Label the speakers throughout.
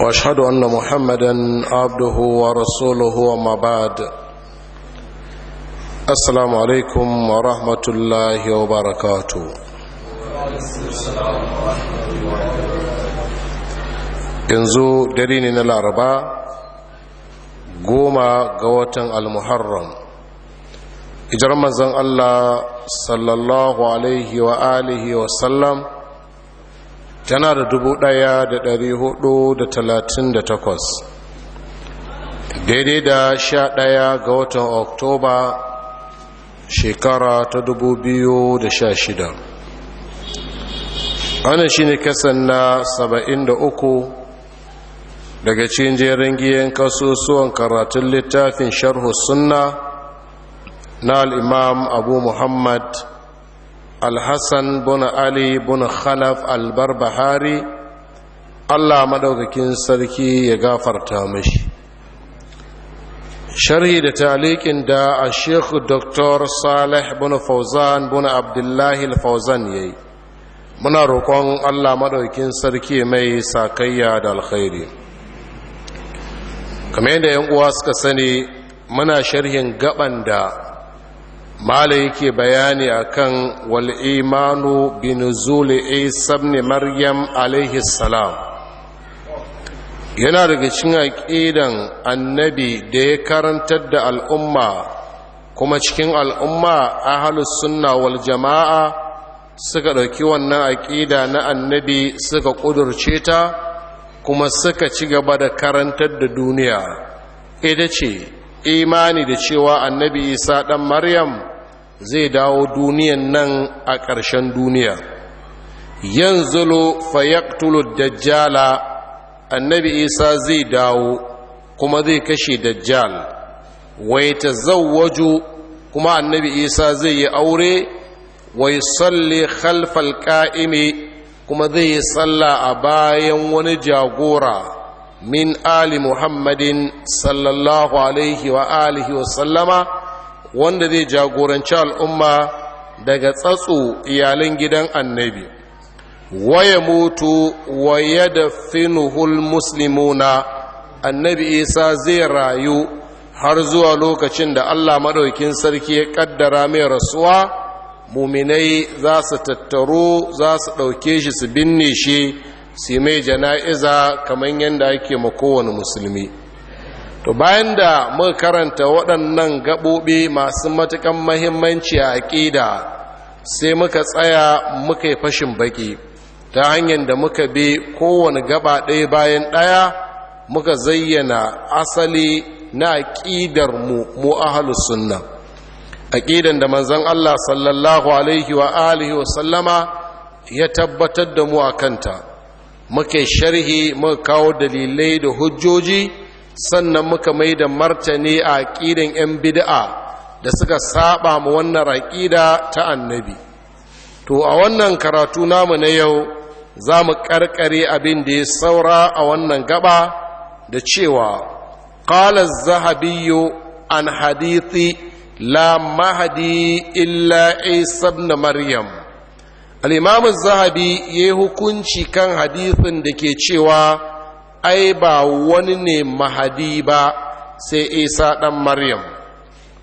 Speaker 1: واشهد ان محمدا عبده ورسوله وما بعد السلام عليكم ورحمه الله وبركاته yanzu dari ne na laraba goma ga watan almuharram ijar manzon allah sallallahu alaihi wa alihi wa sallam tana da dubu ɗaya da ɗari hudu da talatin da takwas daidai da sha ɗaya ga watan oktoba shekara ta dubu biyu da sha shida wannan shi ne kasan na saba'in da uku daga cikin jerin giyan kasusuwan karatun littafin sharhu sunna na al'imam abu muhammad alhassan bin ali bin khalaf albarbahari allah maɗaukakin sarki ya gafarta mashi sharhi da talikin da a sheikh dr salih bin fauzan bin abdullahi fauzan ya yi muna roƙon allah maɗaukakin sarki mai sakayya da alkhairi kamar yadda 'yan uwa suka sani muna sharhin gaban da mala yake bayani akan wal imanu bi nuzuli isa ibn maryam alayhi salam yana daga cikin aqidan annabi da ya karantar da al'umma kuma cikin al'umma ahlus sunna wal jama'a suka dauki wannan aqida na annabi suka kudurce ta kuma suka ci gaba da karantar da duniya ita ce imani da cewa annabi isa dan maryam zai dawo duniyan nan a ƙarshen duniya yanzulu fayaktulu dajjala annabi isa zai dawo kuma zai kashe dajjal wai ta zawwaju kuma annabi isa zai yi aure wai salli khalfal ka'imi kuma zai yi salla a bayan wani jagora min ali muhammadin sallallahu alaihi wa alihi wa sallama wanda zai jagoranci al'umma daga tsatso iyalin gidan annabi waya mutu waya da finuhul muslimuna annabi isa zai rayu har zuwa lokacin da allah maɗaukin sarki ya ƙaddara mai rasuwa muminai za su tattaro za su ɗauke shi su binne shi su mai jana'iza kamar yadda ake ma kowane musulmi to bayan da muka karanta waɗannan gaɓoɓi masu matuƙan mahimmanci a aƙida sai muka tsaya muka yi fashin baƙi ta hanyar da muka bi kowane gaba ɗaya bayan ɗaya muka zayyana asali na aƙidar mu mu ahalus sunna aƙidan da manzon Allah sallallahu alaihi wa alihi wa sallama ya tabbatar da mu a kanta muka sharhi muka kawo dalilai da hujjoji sannan muka mai da martani a aƙidan 'yan bid'a da suka saba mu wannan aƙida ta annabi to a wannan karatu namu na yau za mu ƙarƙare abin da ya saura a wannan gaba da cewa ƙalar zahabiyo an hadithi la mahadi illa isa na maryam al'imamun zahabi ya yi hukunci kan hadithin da ke cewa ai ba wani ne mahadi ba sai isa ɗan maryam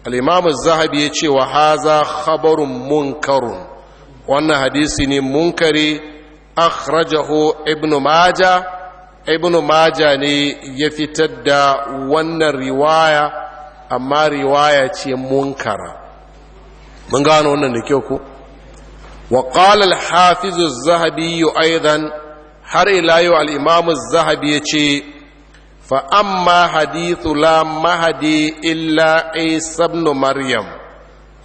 Speaker 1: al'imamu zahabi ya ce wa haza khabarun munkarun wannan hadisi ne munkari akhrajahu ibnu maja ibnu maja ne ya fitar da wannan riwaya amma riwaya ce munkara mun gano wannan da kyau ku wa qala al-hafiz az-zahabi aidan har ila yau al'imamu zahabi ya ce fa'amma hadithu la mahadi illa isa ibn maryam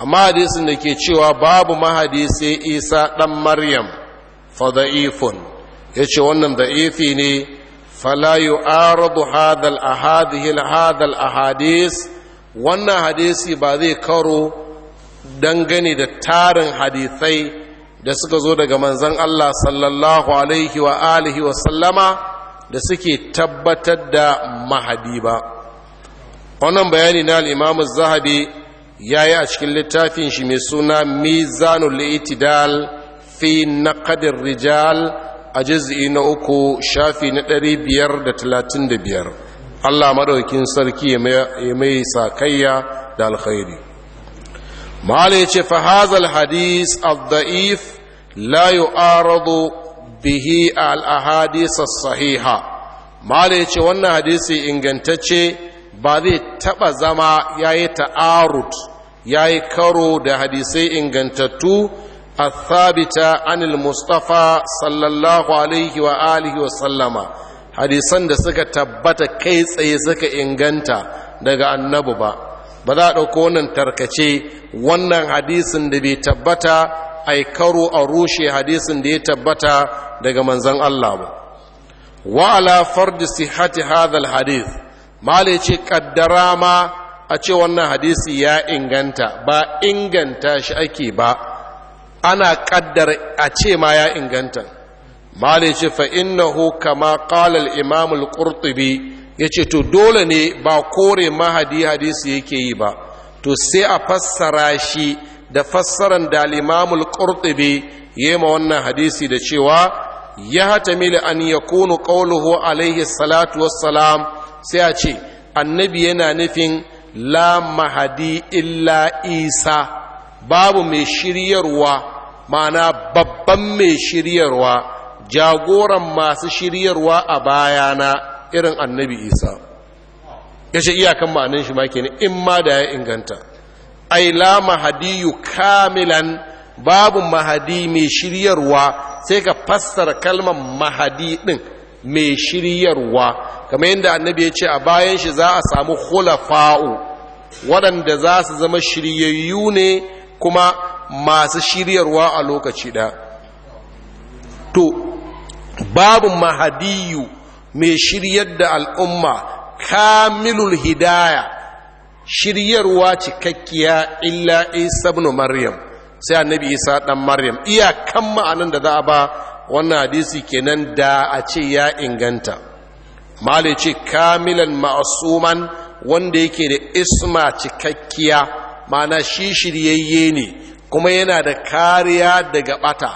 Speaker 1: amma hadisin da ke cewa babu mahadi sai isa ɗan maryam fa da'ifun ya ce wannan da'ifi ne falayu يعارض هذا هذه هذا الاحاديث wannan hadisi ba zai karo dangane da tarin hadisai da suka zo daga manzan Allah sallallahu alaihi wa alihi wa sallama da suke tabbatar da mahadi ba wannan bayani na al'imamu zahabi ya yi a cikin littafin shi mai suna mizanul itidal fi naqadir rijal a juz'i na uku shafi na ɗari biyar da talatin da biyar Allah maɗaukin sarki ya mai sakayya da alkhairi ma'ala ya ce fahazal hadis al-da'if لا yu'aradu bihi الاحاديث الصحيحه ما sahiha mala yace wannan hadisi ingantacce ba zai taba zama yayi ta'arud yayi karo da hadisai ingantattu athabita anil mustafa sallallahu alaihi wa alihi wa sallama hadisan da suka tabbata kai tsaye suka inganta daga annabu ba ba za a ɗauko wannan tarkace wannan hadisin da bai tabbata aikaru a rushe hadisin da ya tabbata daga manzan Allah ba wa ala fardi sihhati hadha alhadith mala ce kaddara ma a ce wannan hadisi ya inganta ba inganta shi ake ba ana kaddara a ce ma ya inganta mala ce fa innahu kama qala al-imam al-qurtubi yace to dole ne ba kore mahadi hadisi yake yi ba to sai a fassara shi da fassaran da limamul qurtubi yema wannan hadisi da cewa ya hatamil an yakunu qawluhu alaihi salatu wassalam sai a ce annabi yana nufin la mahadi illa isa babu mai shiryarwa ma'ana babban mai shiryarwa jagoran masu shiryarwa a bayana irin annabi isa ya ce iyakan ma'anin shi ma kenan in ma da ya inganta ay la mahadiyu kamilan babu mahadi mai shiryarwa sai ka fassara kalmar mahadi din mai shiryarwa kamar yadda annabi ya ce a bayan shi za a samu khulafa'u waɗanda za su zama shiryayyu ne kuma masu shiryarwa a lokaci ɗaya to babu mahadiyu mai shiryar da al'umma kamilul hidaya shiryarwa cikakkiya illa isa ibn maryam sai annabi isa dan maryam iyakan ma'anin da za a ba wannan hadisi kenan da a ce ya inganta malai ce kamilan ma'asuman wanda yake da isma cikakkiya mana shi shiryayye ne kuma yana da kariya daga bata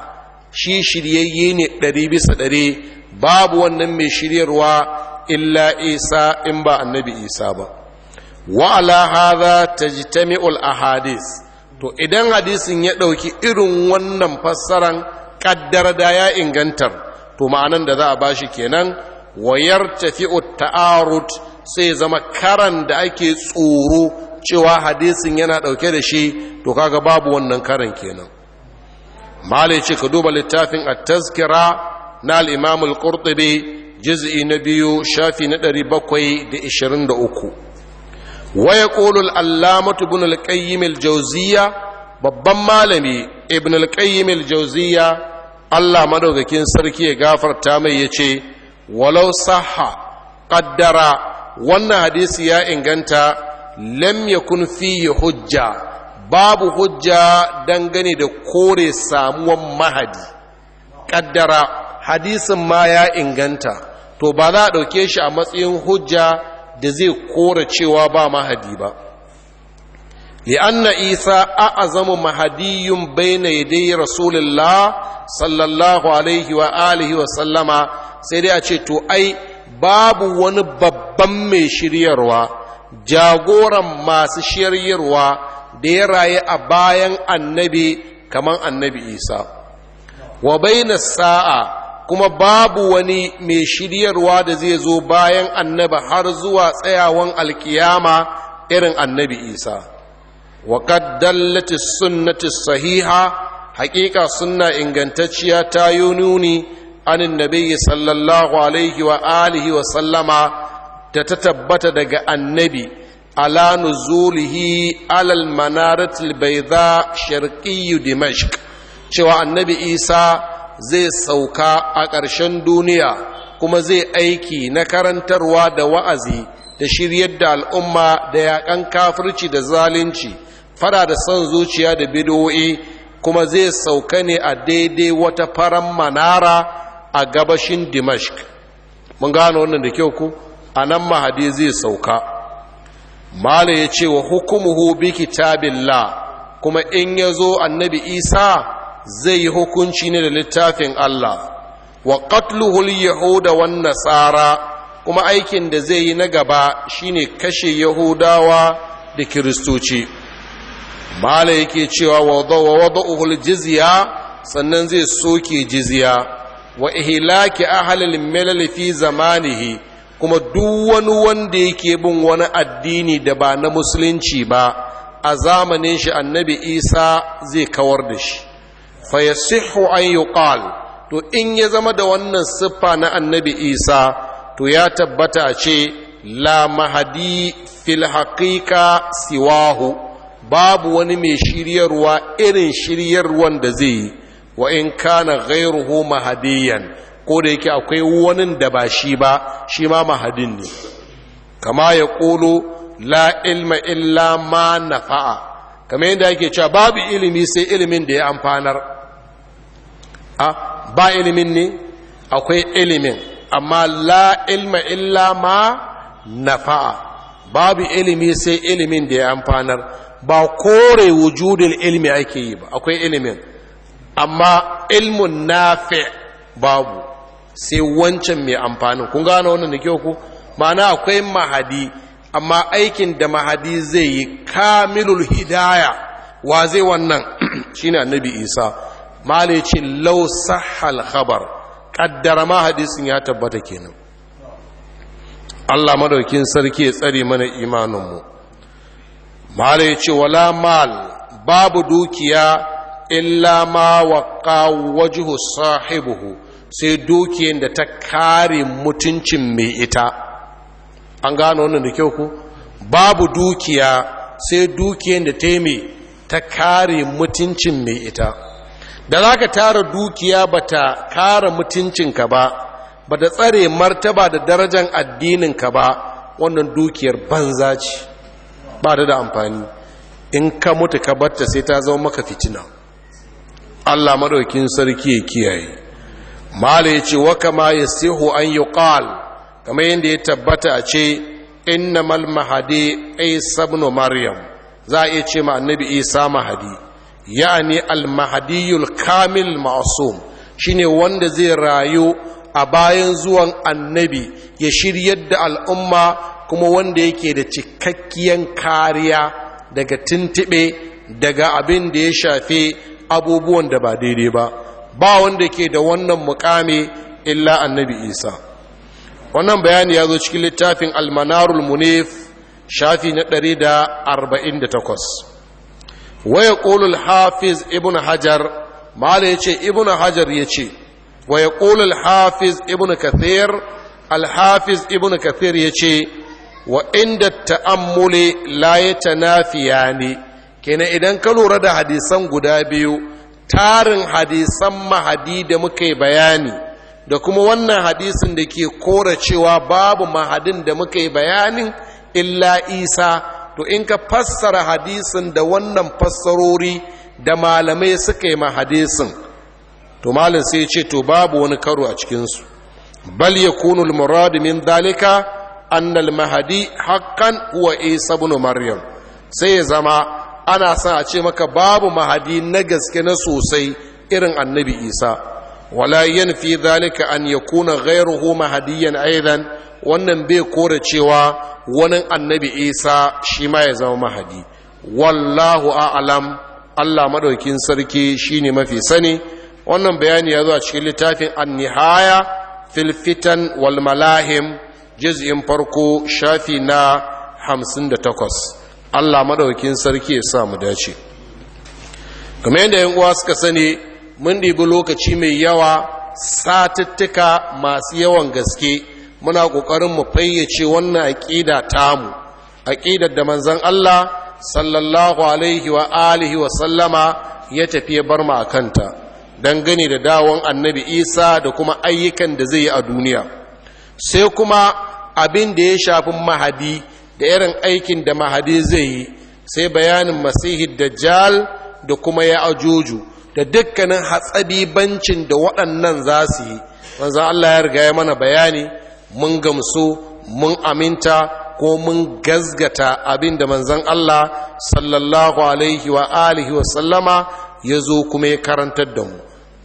Speaker 1: shi shiryayye ne ɗari bisa ɗari babu wannan mai shiryarwa illa isa in ba annabi isa ba wa ala hadha tajtami'ul ahadith to idan hadisin ya dauki irin wannan fassaran kaddar da ya ingantar to ma'anan da za a bashi kenan wayar tafi'ut ta'arud sai zama karan da ake tsoro cewa hadisin yana dauke da shi to kaga babu wannan karan kenan Mali ce ka duba littafin at-tazkira na al-imam al-qurtubi juz'i na biyu shafi na 723 Waya yaqulu al-allamatu ibn babban malami ibn al-qayyim al-jawziyya Allah madaukakin sarki ya gafarta mai yace walau sahha qaddara wannan hadisi ya inganta lam yakun fihi hujja babu hujja dangane da kore samuwan mahadi ƙaddara, hadisin ma ya inganta to ba za a ɗauke shi a matsayin hujja da zai kora cewa ba mahadi ba li'anna isa a azamu mahadiyun bayna yadai rasulullah sallallahu alaihi wa alihi wa sallama sai dai a ce to ai babu wani babban mai shiryarwa jagoran masu shiryarwa da ya raye a bayan annabi kamar annabi isa wa bayna sa'a kuma babu wani mai shiryarwa da zai zo bayan annaba har zuwa tsayawan alkiyama irin annabi isa wa dallatis sunnati sahiha haƙiƙa sunna ingantacciya ta yi nuni anin nabi sallallahu alaihi wa alihi wa sallama da ta tabbata daga annabi ala nuzulihi alal manaratil baydha sharqiyyu dimashq cewa annabi isa zai sauka a ƙarshen duniya kuma zai aiki na karantarwa da wa'azi da shiryar da al'umma da yaƙan kafirci da zalunci faɗa da son zuciya da bidowi kuma zai sauka ne a daidai wata faran manara a gabashin dimashk mun gano wannan da kyau ku a nan mahadi zai sauka mala ya ce wa hukumuhu bi kitabillah kuma in ya zo annabi isa zai yi hukunci ne da littafin Allah wa qatluhul yahuda wan nasara kuma aikin da zai yi na gaba shine kashe yahudawa da kiristoci mala yake cewa wa wada'uhul jizya sannan zai soke jizya wa ihlaki ahlil milal fi zamanihi kuma duk wani wanda yake bin wani addini da ba na musulunci ba a zamanin shi annabi isa zai kawar da shi fayasihu an yuqal to in ya zama da wannan siffa na annabi isa to ya tabbata ce la mahadi fil haqiqa siwahu babu wani mai shiryarwa irin shiryarwan da zai yi wa in kana ghairuhu mahadiyan ko da yake akwai wani da ba shi ba shi ma mahadin ne kama ya ƙolo la ilma illa ma nafa'a kamar yadda yake cewa babu ilimi sai ilimin da ya amfanar ba ilimin ne akwai ilimin amma la ilma illa ma nafa'a babu ilimi sai ilimin da ya amfanar ba kore wujudin ilmi ake yi ba akwai ilimin amma ilmun nafi babu sai wancan mai amfanin kun gano wannan da kyau ku ma'ana akwai mahadi amma aikin da mahadi zai yi kamilul hidaya wa zai wannan Shi shine annabi isa malicin lausa halhabar ƙaddara kaddara ya tabbata kenan Allah madaukin sarki ya tsare mana imaninmu malicin wala mal babu dukiya illa ma waqa wajhu sahibuhu sai dukiyar da ta kare mutuncin mai ita an gano wannan da kyau ku babu dukiya sai dukiyar da ta yi ta kare mutuncin mai ita da za ka tara dukiya ba ta kare mutuncinka ba ba ta tsare martaba da darajan addininka ba wannan dukiyar banza ce ba da amfani in ka mutu ka batta sai ta zama maka fitina Allah maɗaukin sarki ya kiyaye mala ya ce wa kama ya sihu an yi ƙal kamar yadda ya tabbata a ce innamal mahadi isa ibn maryam za a iya ce ma annabi isa mahadi yani al mahadiyul kamil ma'sum shine wanda zai rayu a bayan zuwan annabi ya shiryar da al'umma kuma wanda yake da cikakkiyan kariya daga tuntube daga abin da ya shafe abubuwan da ba daidai ba ba wanda ke da wannan mukami illa annabi isa wannan bayani ya zo cikin littafin almanarul munif shafi na 148 waya ƙolul hafiz ibn hajar mala ya ce ibn hajar ya ce waya ƙolul hafiz ibn kathir alhafiz ibn kathir ya ce wa inda ta'ammuli la ya fiya ne kenan idan ka lura da hadisan guda biyu tarin hadisan mahadi da muka yi bayani da kuma wannan hadisin da ke kora cewa babu mahadin da muka yi bayanin illa isa to in ka fassara hadisin da wannan fassarori da malamai suka yi mahadisin to malin sai ce to babu wani karo a cikinsu bal ya kunul muradu min dalika annal mahadi hakan wa isa bin maryam sai ya zama ana sa a ce maka babu mahadi na gaske na sosai irin annabi isa wala yanfi zalika an yakuna ghayruhu mahdiyan aidan wannan bai kore cewa wani annabi isa shi ma ya zama mahadi wallahu a'lam Allah maɗaukin sarki shine mafi sani wannan bayani ya a cikin littafin an-nihaya fil fitan wal malahim farko shafi na 58 Allah maɗaukin sarki ya sa mu dace kamar yadda yan uwa suka sani mun ɗibi lokaci mai yawa satuttuka masu yawan gaske muna ƙoƙarin mu fayyace wannan aƙida tamu aƙidar da manzan Allah sallallahu alaihi wa alihi wa sallama ya tafi ya bar mu a kanta dangane da dawon annabi isa da kuma ayyukan da zai yi a duniya sai kuma abin da ya shafi mahadi da irin aikin da mahadi zai yi sai bayanin masihi dajjal da kuma ya ajoju da dukkanin bancin da waɗannan za su yi wanzan Allah ya riga ya mana bayani mun gamsu mun aminta ko mun gazgata abin da manzan Allah sallallahu alaihi wa alihi wa sallama ya zo kuma ya karantar da mu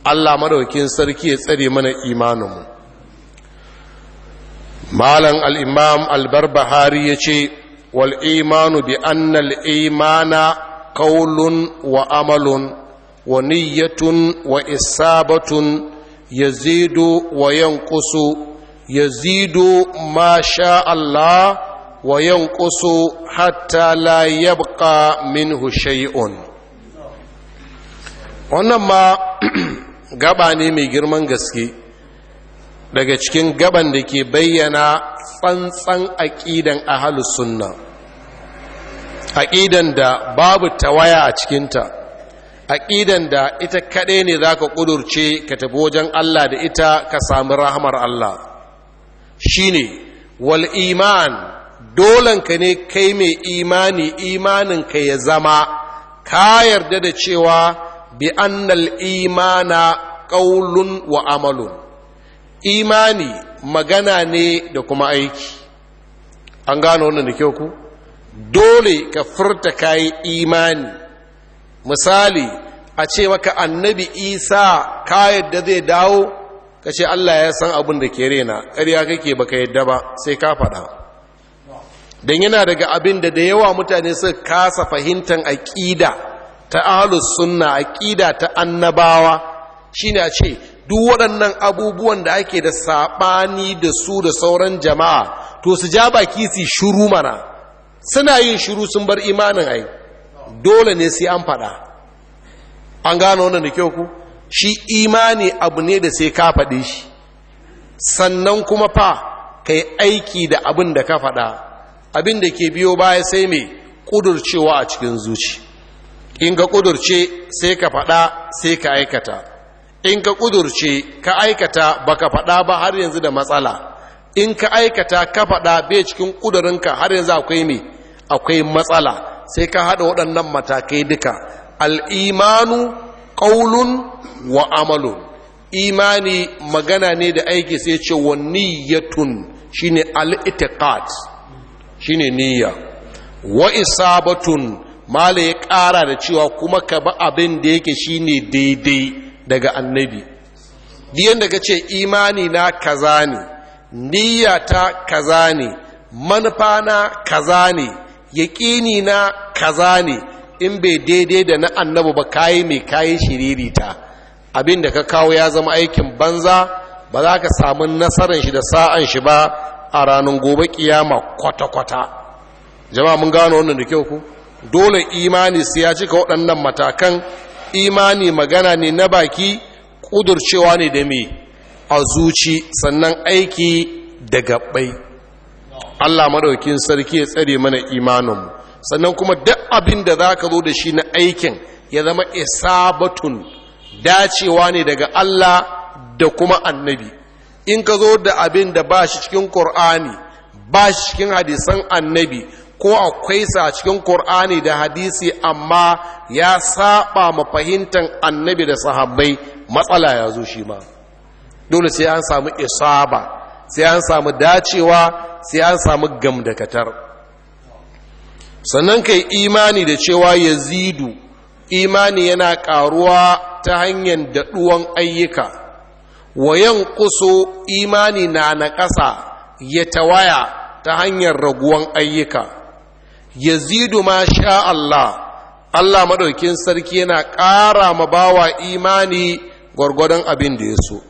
Speaker 1: Allah madaukin sarki ya tsare mana imaninmu malam al'imam albarbahari ya ce wal imanu bi annal imana kaulun wa amalun wa niyyatun wa isabatun yazidu wa yanqusu yazidu ma sha Allah wa yanqusu hatta la yabqa minhu shay'un wannan ma gaba ne mai girman gaske daga cikin gaban da ke bayyana tsantsan aƙidan ahalus sunna aƙidan da babu tawaya a cikinta aƙidan da ita kaɗai ne za ka ƙudurce ka tafi wajen Allah da ita ka sami rahamar Allah shi ne wal iman dolanka ne kai mai imani imanin ka ya zama ka yarda da cewa bi annal imana ƙaulun wa amalun imani magana ne da kuma aiki an gano wannan da kyau ku dole ka furta kayi imani misali a ce maka annabi isa ka yadda zai dawo ka ce allah ya san abin da ke rena ƙarya kake baka yadda ba sai ka faɗa don yana daga abin da da yawa mutane suka kasa fahimtar aƙida ta ahalus sunna aƙida ta annabawa shine a ce duk waɗannan abubuwan da ake da saɓani da su da sauran jama'a to su ja baki su shuru mana suna yin shuru sun bar imanin ai dole ne sai an faɗa an gano wannan da kyau ku shi imani abu ne da sai ka faɗe shi sannan kuma fa kai aiki da abin da ka faɗa abin da ke biyo baya sai mai ƙudurcewa a cikin zuci in ka ƙudurce sai ka faɗa sai ka aikata in ka ƙudurce ka aikata baka faɗa ba har yanzu da matsala in ka aikata ka faɗa bai cikin ƙudurinka har yanzu akwai mai akwai matsala sai ka haɗa waɗannan matakai duka al'imanu ƙaulun wa amalu imani magana ne da aiki sai ce wa niyyatun shine shi shine niyya wa isabatun mala ya ƙara da cewa kuma ka ba abin da yake ne daidai daga annabi biyan daga ce imani na kaza ne niyyata kaza ne manufa na kaza ne yaƙini na kaza ne in bai daidai da na annabu ba kayi mai kayi ta abin da ka kawo ya zama aikin banza ba za ka samu nasarar shi da sa'an shi ba a ranar gobe kiyama kwata-kwata jama'a mun gano wannan da kyau ku dole imani sai ya cika waɗannan matakan imani magana ne na baki ƙudurcewa ne da mai a zuci sannan aiki da gaɓai Allah maɗaukin sarki ya tsare mana imaninmu sannan kuma duk abin da za ka zo da shi na aikin ya zama isabatun dacewa ne daga Allah da kuma annabi in ka zo da abin da ba shi cikin ƙur'ani ba shi cikin hadisan annabi ko akwai sa cikin ƙur'ani da hadisi amma ya saba ma fahimtar annabi da sahabbai matsala ya zo shi ma dole sai an samu isaba sai an samu dacewa sai an samu gamdakatar sannan kai imani da cewa yazidu imani yana karuwa ta hanyar daɗuwan ayyuka wayan kuso imani na naƙasa ya tawaya ta hanyar raguwan ayyuka yazidu ma sha Allah Allah maɗaukin sarki yana ƙara ma bawa imani gwargwadon abin da ya so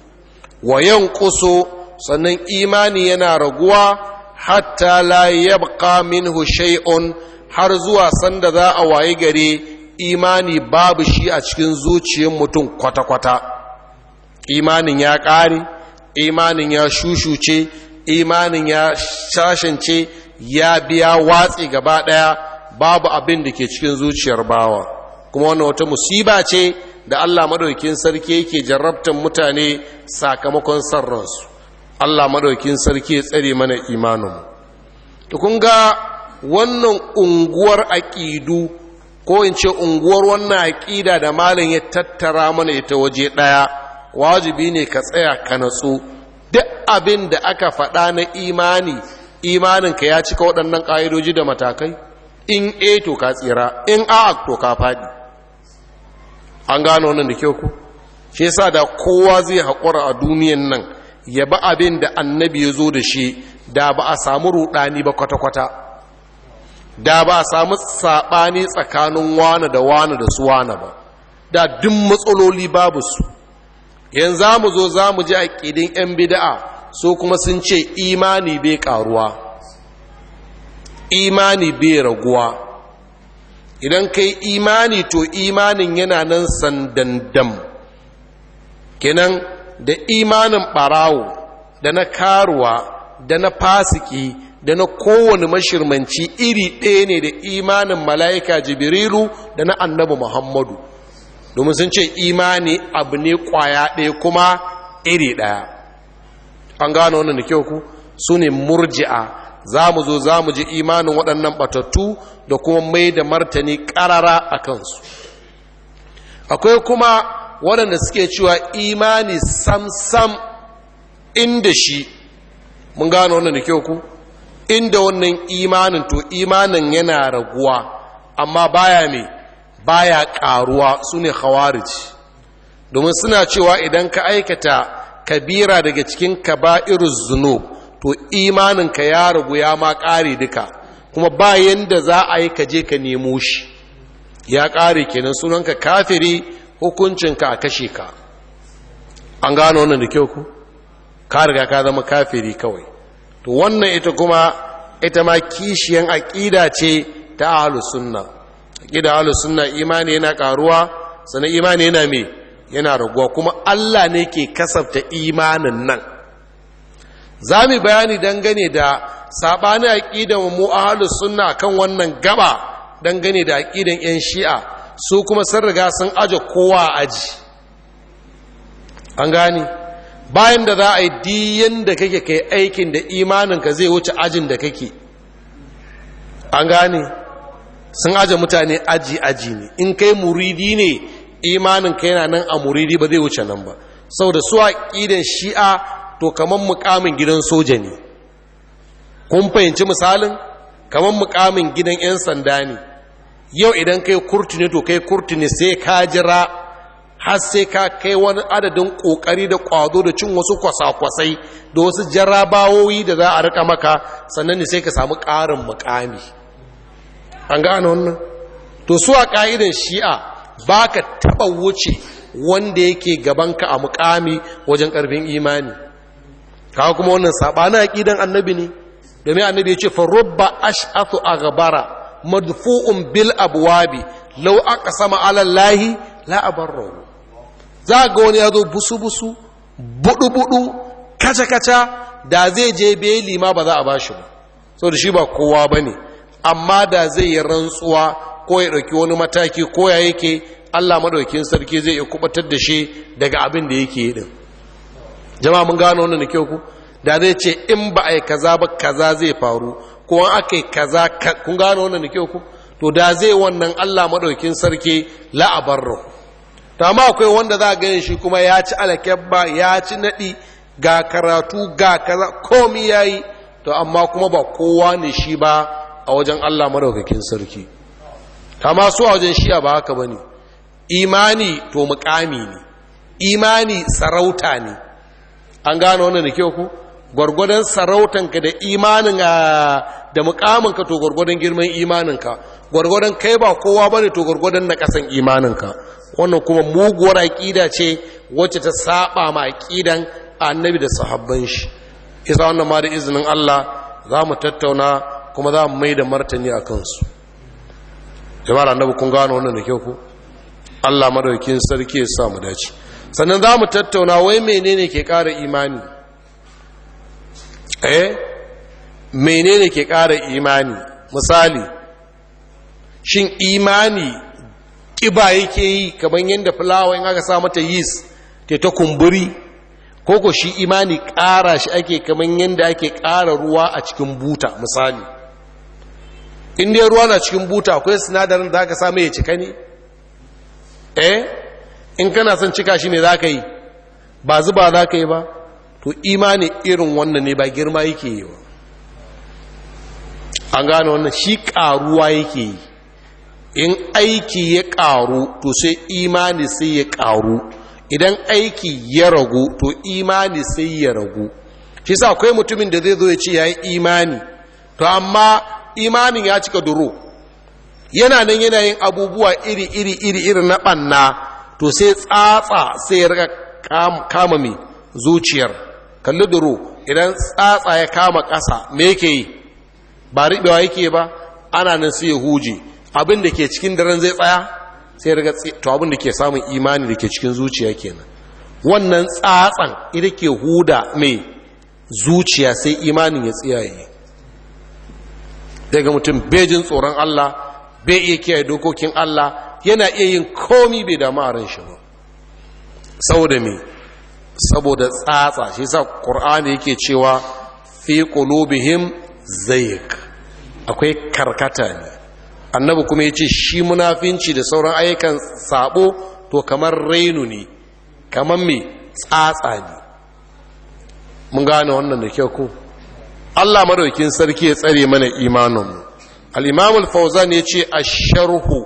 Speaker 1: wayan kuso sannan imani yana raguwa hatta la yabqa minhu shay'un har zuwa sanda za a waye gare imani babu shi a cikin zuciyar mutum kwata-kwata imanin ya ƙare imanin ya shushuce imanin ya shashance ya biya watsi gaba ɗaya babu abin da ke cikin zuciyar bawa kuma wannan wata musiba ce da allah maɗaukin sarki yake jarrabtar mutane sakamakon sarransu allah maɗaukin sarki ya tsare mana imaninmu wannan unguwar aƙidu ko in ce unguwar wannan aƙida da malin ya tattara mana ita waje ɗaya wajibi ne ka tsaya ka natsu duk abin da aka faɗa na imani imanin ka ya cika waɗannan ƙa'idoji da matakai in a to ka tsira in a to ka faɗi an gano wannan da kyau ku shi yasa da kowa zai haƙura a duniyan nan ya ba abin da annabi ya zo da shi da ba a samu ruɗani ba kwata-kwata da ba a samu saɓani tsakanin wane da wane da su wane ba da duk matsaloli babu su yanzu za mu zo za mu ji a ƙidin 'yan bida'a so kuma sun ce imani bai ƙaruwa imani bai raguwa idan kai imani to imanin yana nan sandandam kenan da imanin ɓarawo da na karuwa da na fasiki da na kowane mashirmanci iri ɗaya ne da imanin mala'ika jibrilu da na annabi muhammadu domin sun ce imani abu ne ƙwaya ɗaya kuma iri ɗaya an gano wannan da kyau ku su ne murji'a za mu zo za mu ji imanin waɗannan batattu da kuma mai da martani ƙarara a kansu akwai kuma waɗanda suke cewa imani sam-sam inda shi mun gano wannan da kyau ku inda wannan imanin to imanin yana raguwa amma baya ne baya karuwa su ne khawarij domin suna cewa idan ka aikata kabira daga cikin Kabairus Zuno to imaninka ya ragu ya ma ƙare duka kuma bayan da za a yi kaje ka nemo shi ya ƙare kenan sunanka kafiri hukuncinka a kashe ka an gano wannan da kyau ku ka riga ka zama kafiri kawai to wannan ita kuma ita ma kishiyan aƙida ce ta ahlus suna. aƙida ahlus suna imani yana ƙaruwa sannan imani yana me yana raguwa kuma Allah ne ke kasafta imanin nan za mu bayani dangane da saɓanin aƙidan mu ahlus sunna kan wannan gaba dangane da aƙidan 'yan shi'a su kuma sun riga sun aje kowa aji an gani bayan da za a yi diyan da kake kai aikin da imaninka zai wuce ajin da kake an gane sun aje mutane aji-aji ne in kai muridi ne imaninka yana nan a muridi ba zai wuce nan ba sau da su aƙidan shi'a to kamar mukamin gidan soja ne kun fahimci misalin kamar mukamin gidan 'yan sanda ne yau idan kai ne to kai ne sai ka jira har sai ka kai wani adadin ƙoƙari da ƙwazo da cin wasu kwasa-kwasai da wasu jarabawoyi da za a rika maka sannan ne sai ka samu ƙarin mukami an gano wannan to su a ƙa'idan shi'a ba ka taɓa wuce wanda yake gabanka a mukami wajen ƙarfin imani kawo kuma wannan saɓanin aƙidan annabi ne domin annabi ya ce farubba a gabara madfu'un bil abuwabi lau aka sama alallahi la za ga wani ya zo busu-busu budu-budu kaca-kaca da zai je beli ma ba za a bashi ba so da shi ba kowa ba ne amma da zai yi rantsuwa ko ya ɗauki wani mataki ko ya yake allah maɗaukin sarki zai iya kubatar da shi daga abin da yake yi ɗin jama'a mun gano wannan da kyau ku da zai ce in ba a yi kaza ba kaza zai faru ko an aka yi kaza kun gano wannan da kyau ku to da zai wannan allah maɗaukin sarki la'abarrahu ta ma akwai wanda za a gani shi kuma ya ci alakebba ya ci naɗi ga karatu ga kaza komi ya yi to amma kuma ba kowa ne shi ba a wajen allah madaukakin sarki ta ma su a wajen shiya ba haka ba imani to mukami ne imani sarauta ne an gane wannan da kyau ku gwargwadon sarautanka da imanin ah, da mukaminka to gwargwadon girman imaninka gwargwadon kai ba kowa bane to gwargwadon na kasan imaninka wannan kuma muguwar aƙida ce wacce ta saba ma aƙidan annabi da sahabban shi isa wannan ma da izinin Allah za mu tattauna kuma za mu mai da martani a kansu jama'ar annabi kun gano wannan da kyau ku Allah madaukin sarki ya sa mu dace sannan za mu tattauna wai menene ke ƙara imani eh menene ke ƙara imani misali shin imani kiba yake yi kamar yadda fulawa in aka sa mata yis ta ta kumburi ko shi imani ƙara shi ake kamar yadda ake ƙara ruwa a cikin buta misali in dai ruwa na cikin buta akwai sinadarin da aka samu ya cika ne eh in kana son cika shi ne za ka yi ba zuba za ka yi ba to imani irin wannan ne ba girma yake yi ba an gane wannan shi ƙaruwa yake yi in aiki ya ƙaru to sai imani sai ya ƙaru idan aiki ya ragu to imani sai ya ragu shi sa akwai mutumin da zai zo ya ce ya yi imani to amma imanin ya cika duro yana nan yana yin abubuwa iri iri iri iri na ɓanna to sai tsatsa sai ya rika kama mai zuciyar kalli duro idan tsatsa ya kama ƙasa me yake yi ba riɓewa yake ba ana nan sai ya huje Abinda ke cikin daren zai tsaya sai riga to abin ke samun imani da ke cikin zuciya kenan wannan tsatsan ita ke huda mai zuciya sai imanin ya tsiyaye daga mutum bejin tsoron Allah bai iya kiyaye dokokin Allah yana iya yin komi bai damu a ran shi ba saboda me saboda tsatsa shi sa qur'ani yake cewa fi qulubihim zayq akwai karkata ne annabi kuma ya ce shi munafinci da sauran ayyukan sabo to kamar rainu ne kamar mai tsatsa ne mun gane wannan da kyau ko Allah madaukin sarki ya tsare mana imaninmu al-imam al-fawzan ya ce a sharhu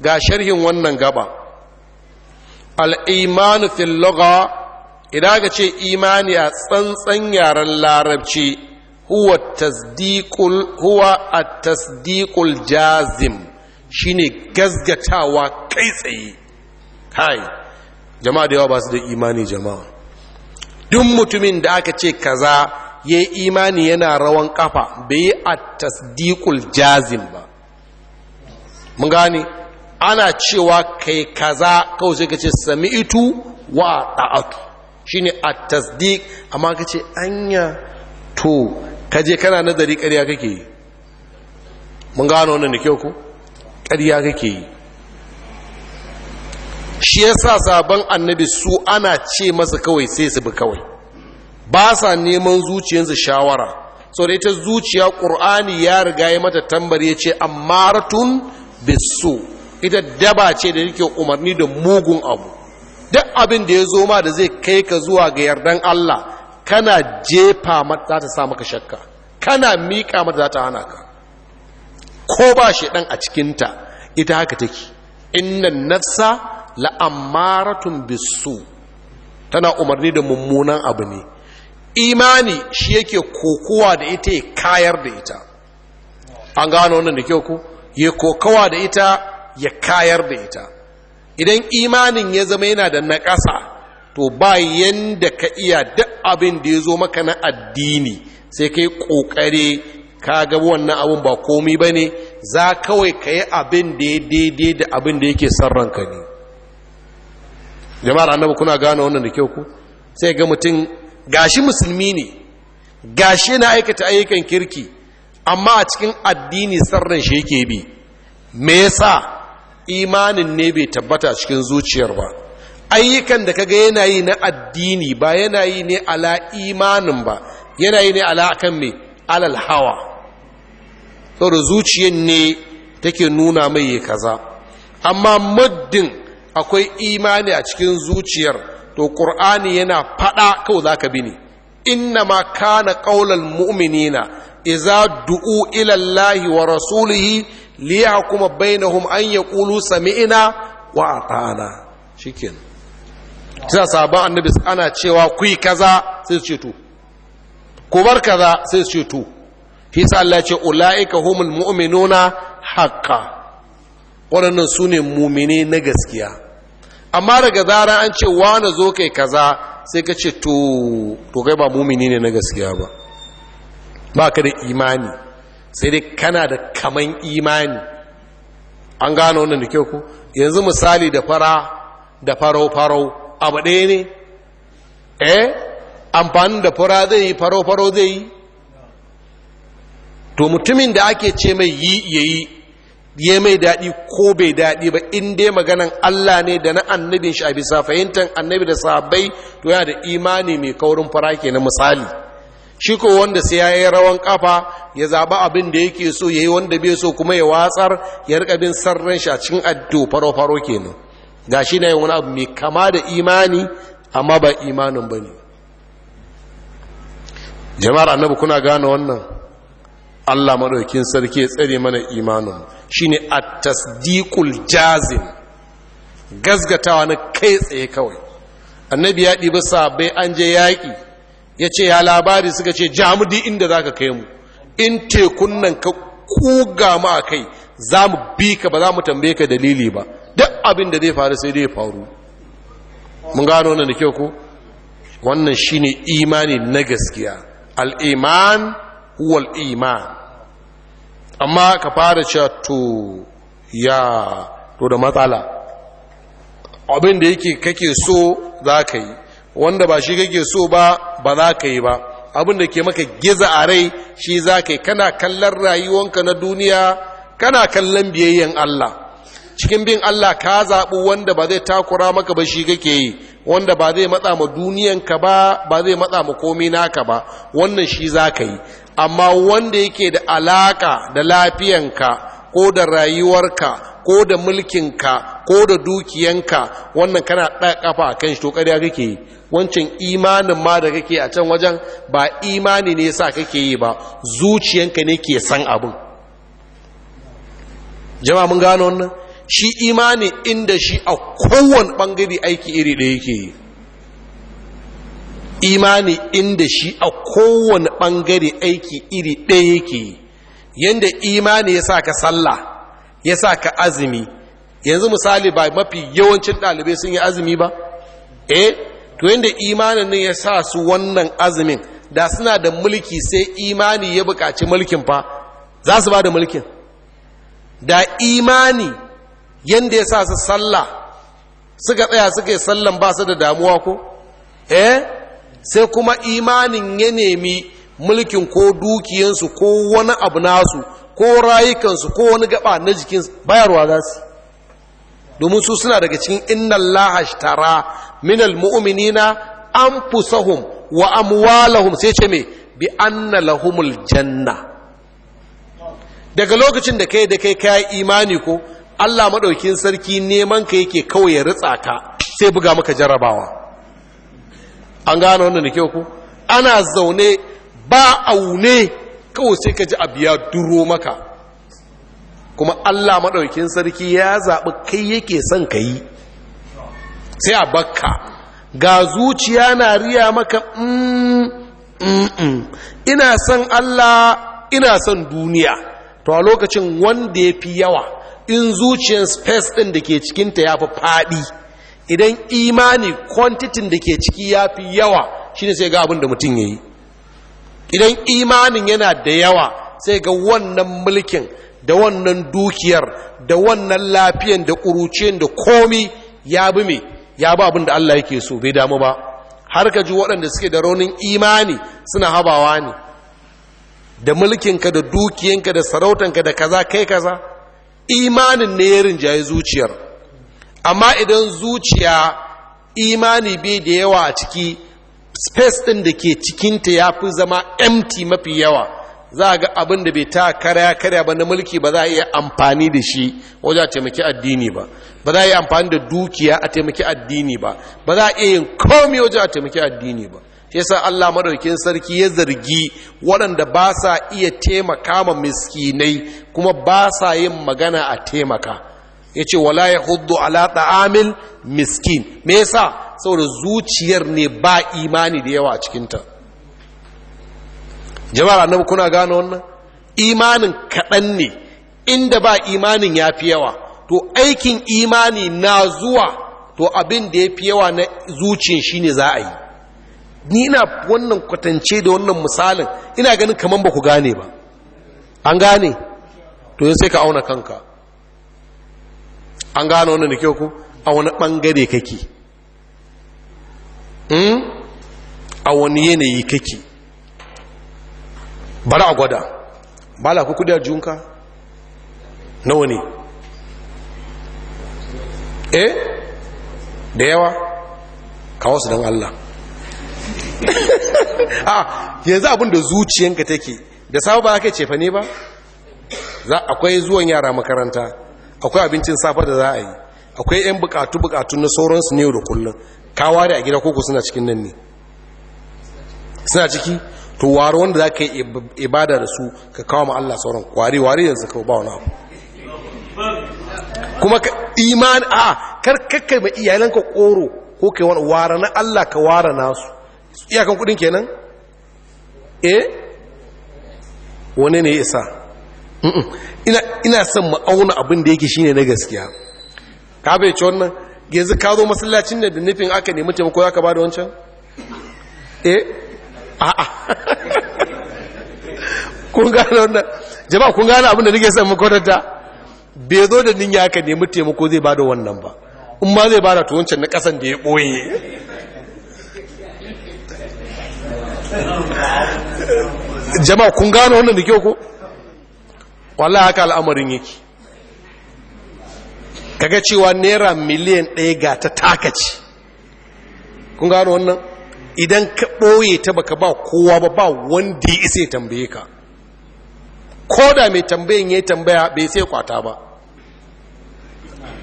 Speaker 1: ga sharhin wannan gaba al-iman fil lugha idan ka ce imani a tsantsan yaren larabci huwa tasdiqul huwa at-tasdiqul jazim shine gazgatawa kai tsaye kai jama'a da yawa ba su da imani jama'a duk mutumin da aka ce kaza yayi imani yana rawan kafa bai yi at-tasdiqul jazim ba mun gane ana cewa kai kaza kawai sai ka ce sami'tu wa da'atu shine at-tasdiq amma ka ce anya to ka je kana nazari ƙarya kake yi mun gano wannan da kyau ku, ƙarya kake yi shi ya sa sabon annabi su ana ce masa kawai sai su bi kawai ba sa neman zuciyarsu shawara so da ita zuciya ƙur'ani ya riga ya mata tambar ya ce ratun bisu ita daba ce da yake umarni da mugun abu duk abin da ya zo ma da zai kai ka zuwa ga yardan Allah kana jefa mata za ta sa maka shakka kana mika mata za ta hana ka ko ba shi dan a cikinta ita haka take innan nafsa la'amaratun bisu tana umarni da mummunan abu ne imani shi yake kokowa da ita ya kayar da ita an gano wannan da kyau ku ya kokowa da ita ya kayar da ita idan imanin ya zama yana da naƙasa to ba yanda ka iya duk abin da ya zo maka na addini sai kai kokare ka ga wannan abin ba komi ba ne za kawai ka yi abin da ya daidai da abin da yake san ranka ne jama'ar annabi kuna gane wannan da kyau ku sai ga mutum gashi musulmi ne gashi na aikata ayyukan kirki amma a cikin addini sarran shi yake bi me yasa imanin ne bai tabbata cikin zuciyar ba ayyukan da kaga yana yi na addini ba yana yi ne ala imanin ba yana yi ne ala kan mai alal hawa saboda zuciyar ne take nuna mai kaza amma muddin akwai imani a cikin zuciyar to ƙur'ani yana fada kawai ka bi ne inna ma kana ƙaular mu'minina liya kuma إلى an ya ƙulu sami'ina wa a ta'ana shi kenan sai sahabban annabi ana cewa ku yi kaza sai su ce to ku bar kaza sai su ce to shi sa Allah ce ulaika humul mu'minuna haqqan waɗannan sune mu'mini na gaskiya amma daga zara an ce wa na zo kai kaza sai ka ce to to kai ba mumini ne na gaskiya ba ba ka da imani sai dai kana da kaman imani an gano wannan da kyau ku yanzu misali da fara da farau-farau abu ɗaya ne eh amfani da fura zai yi faro-faro zai yi to mutumin da ake ce mai yi ya yi ya mai daɗi ko bai daɗi ba in dai maganan Allah ne da na annabin shi a bisa fahimtar annabi da sahabbai to yana da imani mai kaurin fara ke na misali shi ko wanda sai ya yi rawan kafa ya zaɓi abin da yake so ya yi wanda bai so kuma ya watsar ya rika bin sarran shi a cikin addu faro-faro kenan ga shi na yin wani abu mai kama da imani amma ba imanin ba ne jama'ar annabi kuna gane wannan allah maɗaukin sarki ya tsare mana imanin shi ne a tasdikul jazim gazgatawa na kai tsaye kawai annabi ya ɗiba sabai an je yaƙi ya ce ya labari suka ce jamudi inda za ka kai mu in tekun nan ka kuga mu a kai za mu bi ka ba za mu tambaye ka dalili ba abin da zai faru sai zai faru mun gano wannan da kyau ko wannan shine imani na gaskiya al-iman huwa iman amma ka fara cewa to ya to da matsala abin da yake kake so za ka yi wanda ba shi kake so ba ba za ka yi ba abin da ke maka giza a rai shi za ka yi kana kallon rayuwanka na duniya kana kallon biyayyen Allah cikin bin Allah ka zaɓi wanda ba zai takura maka ba shi kake yi wanda ba zai matsa ma duniyanka ba ba zai matsa ma komi naka ba wannan shi za ka yi amma wanda yake da alaka da lafiyanka ko da rayuwarka ko da mulkinka ko da dukiyanka wannan kana ɗaya ƙafa a kan shi to ƙarya kake yi wancan imanin ma da kake a can wajen ba imani ne sa kake yi ba zuciyanka ne ke san abin jama mun gano wannan shi imani inda shi a kowane ɓangare aiki iri da yake yi imani inda shi a kowane ɓangare aiki iri ɗaya yake yi yadda imani ya sa ka sallah ya sa ka azumi yanzu misali ba mafi yawancin ɗalibai sun yi azumi ba eh to yadda imanin ne ya sa su wannan azumin da suna da mulki sai imani ya buƙaci mulkin fa za su ba da mulkin da imani yanda ya sa su sallah suka tsaya suka yi sallan ba su da damuwa ko eh sai kuma imanin ya nemi mulkin ko dukiyansu ko wani abu nasu ko rayukansu ko wani gaba na jikin bayarwa za su domin su suna daga cikin inna laha tara minal an anfusahum wa amwalahum sai ce mai, bi anna lahumul janna daga lokacin da kai da kai kai imani ko Allah maɗaukin sarki neman ka yake kawai ya ritsa ka sai buga maka jarrabawa an gano wannan da kyau ku ana zaune ba aune kawai sai ka ji abu ya duro maka kuma Allah maɗaukin sarki ya zaɓi kai yake son ka yi sai a bakka ga zuciya na riya maka mm, mm, mm. ina son Allah ina son duniya to a lokacin wanda ya fi yawa in zuciyar space ɗin da ke cikinta ya fi faɗi idan imani kwantitin da ke ciki ya fi yawa shi ne sai ga abin da mutum ya yi idan imanin yana da yawa sai ga wannan mulkin da wannan dukiyar da wannan lafiyan da ƙuruciyar da komi ya bi mai ya ba abin da Allah yake so bai damu ba har ka ji waɗanda suke da raunin imani suna habawa ne da mulkinka da dukiyanka da sarautanka da kaza kai kaza imanin ne ya rinjaye zuciyar amma idan zuciya imani bai da yawa a ciki space ɗin da ke cikinta ya fi zama empty mafi yawa za a ga abin da bai ta karya karya ba na mulki ba za a iya amfani da shi wajen a taimaki addini ba ba za a iya amfani da dukiya a taimaki addini ba ba za a iya yin komi wajen a taimaki addini ba shi yasa Allah madaukin sarki ya zargi waɗanda ba sa iya taimaka ma miskinai kuma ba sa yin magana a taimaka Ya ce wala ya hudu ala ta'amil miskin me yasa saboda zuciyar ne ba imani da yawa a cikin jama'a annabi kuna gano wannan imanin kaɗan ne inda ba imanin ya fi yawa to aikin imani na zuwa to abin da ya fi yawa na zuciyar shine za a yi ni ina wannan kwatance da wannan misalin ina ganin kamar ba ku gane ba an gane to yin sai ka auna kanka an gane wannan da kyau ku a wani ɓangare kake hmm? a wani yanayi kake bari a gwada ba la kukudi da junka nawa ne eh da yawa kawo su don allah a ah, yanzu abin da zuciyanka take da safe ba za ka cefa ne ba za akwai zuwan yara makaranta akwai abincin safar da za a yi akwai 'yan bukatu bukatu na sauransu ne da kullum kawa da a gida koko suna cikin nan ne suna ciki to waro wanda za ka yi ibada da su ka kawo ma Allah sauran kwari wari yanzu ka ba wani abu kuma ka iman a karkakka mai iyalanka koro ko kai wani wara na Allah ka wara nasu iyakan kudin kenan eh wane ne ya isa ina son ma'auna abin da yake shine na gaskiya ka bai ci wannan yanzu ka zo masallacin da nufin aka nemi taimako ya ka ba da wancan eh a'a kun gane wannan jama'a kun gane abin da nake son makonanta bai zo da ninya aka nemi taimako zai ba da wannan ba in ma zai ba da tuwancin na kasan da ya ɓoye jama'a kun gano wannan da kyau ko wallahi haka al'amarin yake kaga cewa naira miliyan ɗaya ga ta takaci kun gano wannan idan ka ɓoye ta baka ba kowa ba ba wanda ya isa tambaye ka ko da mai tambayin ya tambaya bai sai kwata ba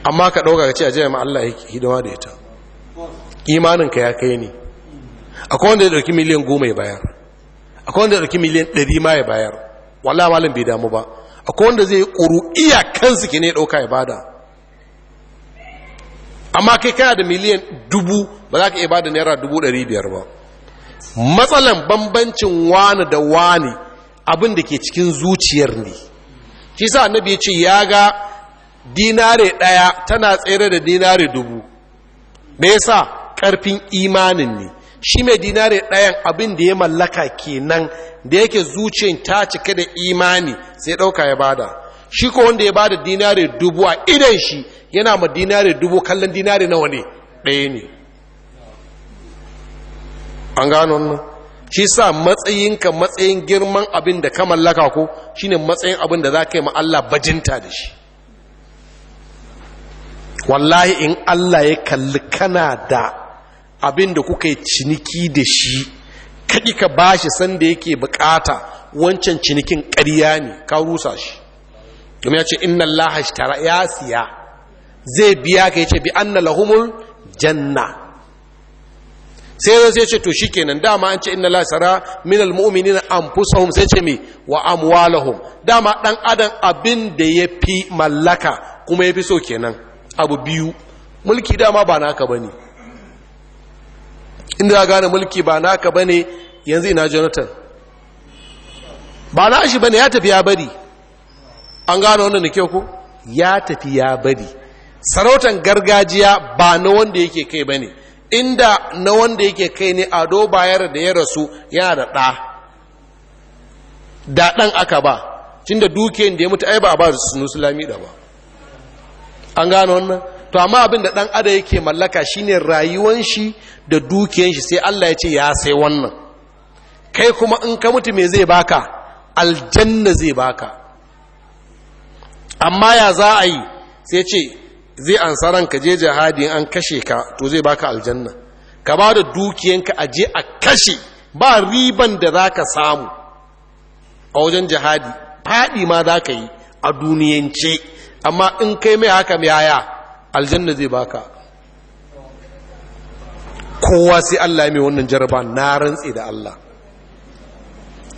Speaker 1: amma ka ɗauka ka ce a jami'a Allah ya hidima da ita imaninka ya kai ne akwai wanda ya ɗauki miliyan goma ya bayar akwai wanda ya ɗauki miliyan ɗari ma ya bayar wallahi malam bai damu ba akwai wanda zai ƙuru iya kansu ke ne ɗauka ya bada amma kai kana da miliyan dubu ba za ka iya bada naira dubu ɗari biyar ba matsalan bambancin wani da wani abin da ke cikin zuciyar ne shi sa annabi ya ce ya ga dinare ɗaya tana tsere da dinare dubu me yasa ƙarfin imanin ne shi mai dinari ɗayan abin da ya mallaka kenan da yake zuciyar ta cike da imani sai ɗauka ya bada shi ko wanda ya bada dinari dubu a idan shi yana ma dinare dubu kallon dinare nawa ne ɗaya ne an gano nan shi sa matsayinka matsayin girman abin da ka mallaka ko shi ne matsayin abin da za ka yi ma Allah bajinta da shi wallahi in Allah ya kalli kana da abin da kuka yi ciniki da shi kaɗi ka ba shi sanda yake bukata wancan cinikin ƙarya ne ka rusa shi domin ya ce inna Allah tara ya siya zai biya ka ya ce bi anna lahumul janna sai zai ce to shi kenan dama an ce inna Allah tara minal mu'minina anfusahum sai ce me wa amwalahum dama dan adam abin da ya fi mallaka kuma ya fi so kenan abu biyu mulki dama ba naka bane inda gane mulki ba naka bane yanzu ina jonathan ba na shi bane ya tafi ya bari an gane wannan na kyau ku ya tafi ya bari sarautan gargajiya ba na wanda yake kai bane inda na wanda yake kai ne ado bayar da ya rasu yana da ɗa da ɗan aka ba cin da dukiyar da ya mutu ai ba a ba su sunu sulami da ba an gane wannan to amma abin da ɗan ada yake mallaka shine rayuwan shi da dukiyan shi sai Allah ya ce ya sai wannan kai kuma in ka mutu me zai baka aljanna zai baka amma ya za a yi sai ce zai ansa ranka je jihadi an kashe ka to zai baka aljanna ka ba da dukiyanka a je a kashe ba riban da zaka samu a wajen jihadi Fadi ma zaka yi a duniyance amma in kai mai haka mai yaya aljanna zai baka kowa sai Allah mai wannan jaraba na rantsi da Allah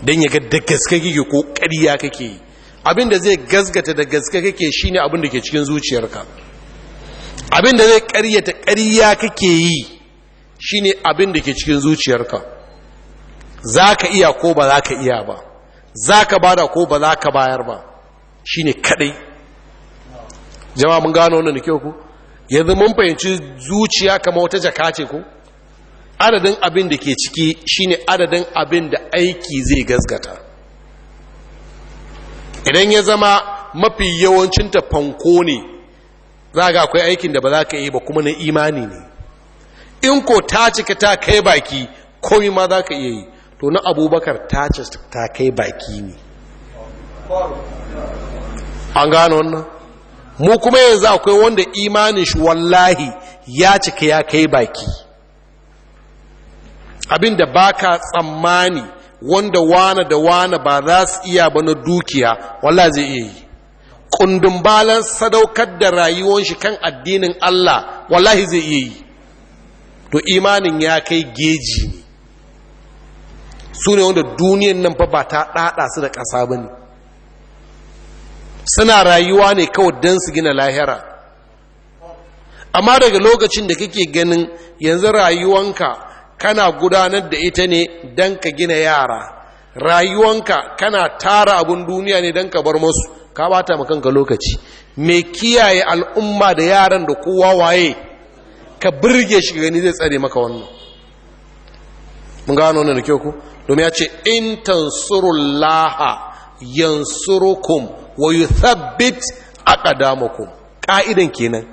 Speaker 1: don ya ga da gaske kake ko ƙarya kake yi abin da zai gasgata da gaske kake shine abin da ke cikin zuciyarka abin da zai ƙaryata ƙarya kake yi shine abin da ke cikin zuciyarka za ka iya ko ba za ka iya ba za ka bada ko ba za ka bayar ba shine kaɗai jama'a mun gano wannan da kyau ku yanzu mun fahimci zuciya kama wata jaka ce ku? adadin abin da ke ciki shine adadin abin da aiki zai gazgata idan ya zama mafi yawancinta fanko ne za ga akwai aikin da ba za ka yi ba kuma na imani ne in ko ta cika ta kai baki komi ma za ka iya yi to na abubakar ta cika ta kai baki ne an gano wannan mu kuma yanzu akwai wanda imanin shi wallahi ya cika ya kai baki abinda baka tsammani wanda wana da wana ba za su iya ba na dukiya wallahi zai iya yi kundin balan sadaukar da rayuwar shi kan addinin Allah wallahi zai iya yi to imanin ya kai geji ne su ne wanda duniyan nan fa ba ta ɗaɗa su da ƙasa ba ne suna rayuwa ne kawai don su gina lahira amma daga lokacin da kake ganin yanzu rayuwanka kana gudanar da ita ne don ka gina yara rayuwanka kana tara abin duniya ne don ka bar masu ka bata makanka lokaci mai kiyaye al'umma da yaran da kowa waye ka birge shi gani zai tsare maka wannan mun gano wannan da kyau ku domin ya ce in tansurullaha yansurukum wa a ƙadamaku ƙa'idan kenan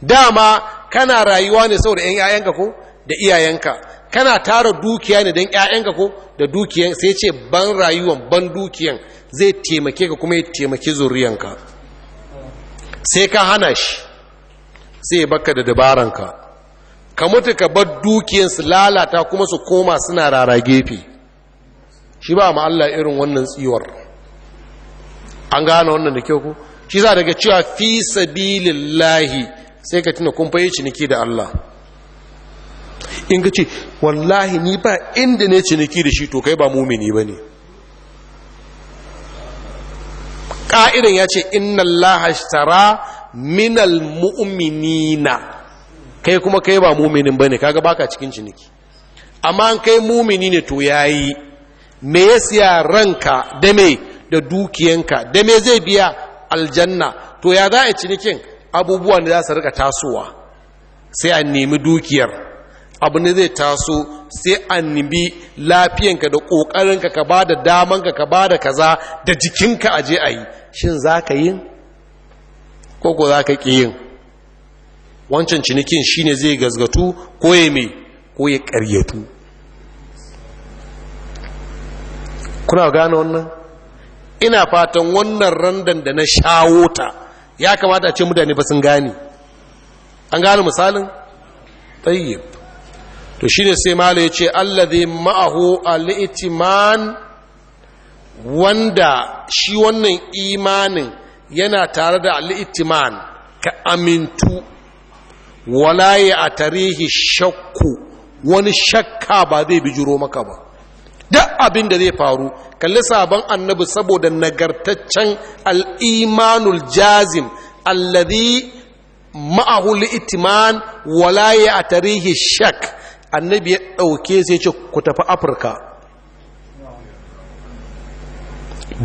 Speaker 1: dama kana rayuwa ne saboda ƴan ƴaƴanka ko da iyayenka kana tara dukiya ne don ƴaƴanka ko da dukiyan sai ce ban rayuwan ban dukiyan zai taimake ka kuma ya taimake zuriyanka sai ka hana shi sai baka da dabaranka ka mutu ka bar dukiyan su lalata kuma su koma suna rara gefe shi ba ma Allah irin wannan tsiwar an gane wannan da kyau ku shi za daga cewa fi sabilillahi sai ka tuna kun fayi ciniki da Allah in ka ce wallahi ni ba inda ne ciniki da shi to kai ba mumini ba ne ƙa'idan ya ce inna Allah ashtara minal mu'minina kai kuma kai ba muminin ba ne kaga baka cikin ciniki amma kai mumini ne to yayi me ya siya ranka da me da dukiyanka da me zai biya aljanna to ya za a cinikin abubuwan da za su rika tasowa sai an nemi dukiyar abu ne zai taso sai an nemi lafiyanka da ƙoƙarinka ka ba da damanka ka ba da kaza da jikinka a je a yi shin za ka yin ko ko za ka ƙi wancan cinikin shi ne zai gazgatu ko ya mai ko ya ƙaryatu kuna gane wannan ina fatan wannan randan da na shawo ta ya kamata a ce mutane ba sun gane an gane misalin tayyib to shine sai malo ya ce allazi ma'ahu al-itiman wanda shi wannan imanin yana tare da al-itiman ka amintu wala ya tarihi shakku wani shakka ba zai bijiro maka ba abin da zai faru kalli sabon annabi saboda nagartaccen al'imanul jazim alladhi ma'ahu li'itiman wala a tarihi shak annabi ya ɗauke sai ce ku tafi afirka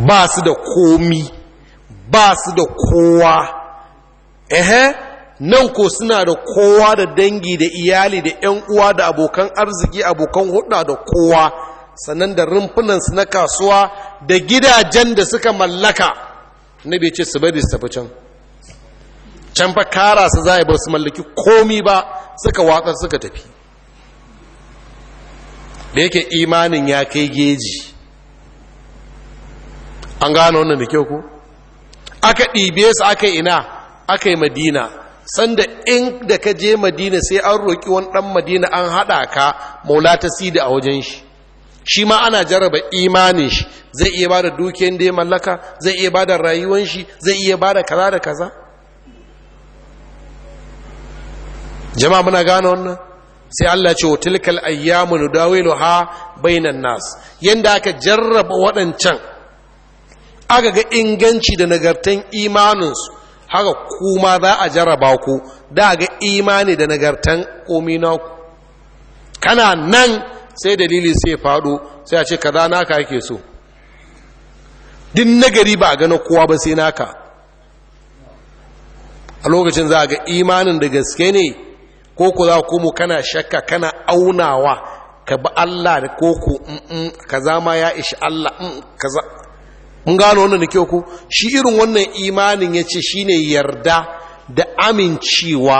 Speaker 1: ba su da komi ba su da kowa ehe nan ko suna da kowa da dangi da iyali da 'yan uwa da abokan arziki abokan huɗa da kowa sannan da rumfunansu na kasuwa da gidajen da suka mallaka na bai ce su bari su tafi can can fa kara su za a yi bar su mallaki komi ba suka watsar suka tafi da yake imanin ya kai geji an gano wannan da kyau ko aka ɗibe su aka ina aka yi madina sanda in da ka je madina sai an roƙi wani ɗan madina an haɗa ka maula ta sida a wajen shi shi ma ana jarraba imanin shi zai iya bada dukiyar da ya mallaka zai iya bada rayuwar shi zai iya bada kaza da kaza jama'a muna gane wannan sai Allah ce tilkal ayyamu nudawilu ha bainan nas yanda aka jarraba waɗancan aka ga inganci da nagartan imaninsu haka kuma za a jarraba ku da ga imani da nagartan kominaku kana nan sai dalili sai faɗo sai a ce kaza naka ake so din nagari ba a gano kowa ba sai naka a lokacin za a ga imanin da gaske ne ko ku za ku mu kana shakka kana aunawa ka bi Allah da ko ku kaza ma ya ishi Allah mm, kaza mun gano wannan da kyau ku shi irin wannan imanin ya ce shine yarda da amincewa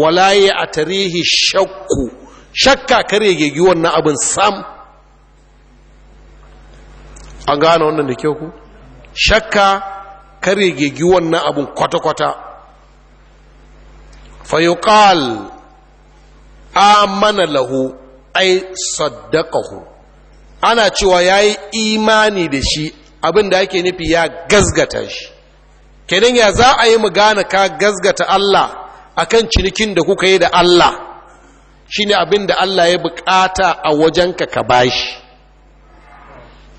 Speaker 1: walaye a tarihi shakku shakka kare gegi wannan abin sam an gane wannan da kyau ku shakka kare gegi wannan abin kwata-kwata fayuqal amana lahu ai saddaqahu ana cewa yayi imani da shi abin da ake nufi ya gazgata shi kenan ya za a yi mu gane ka gazgata Allah akan cinikin da kuka yi da Allah shine abin da Allah ya bukata a wajen ka bashi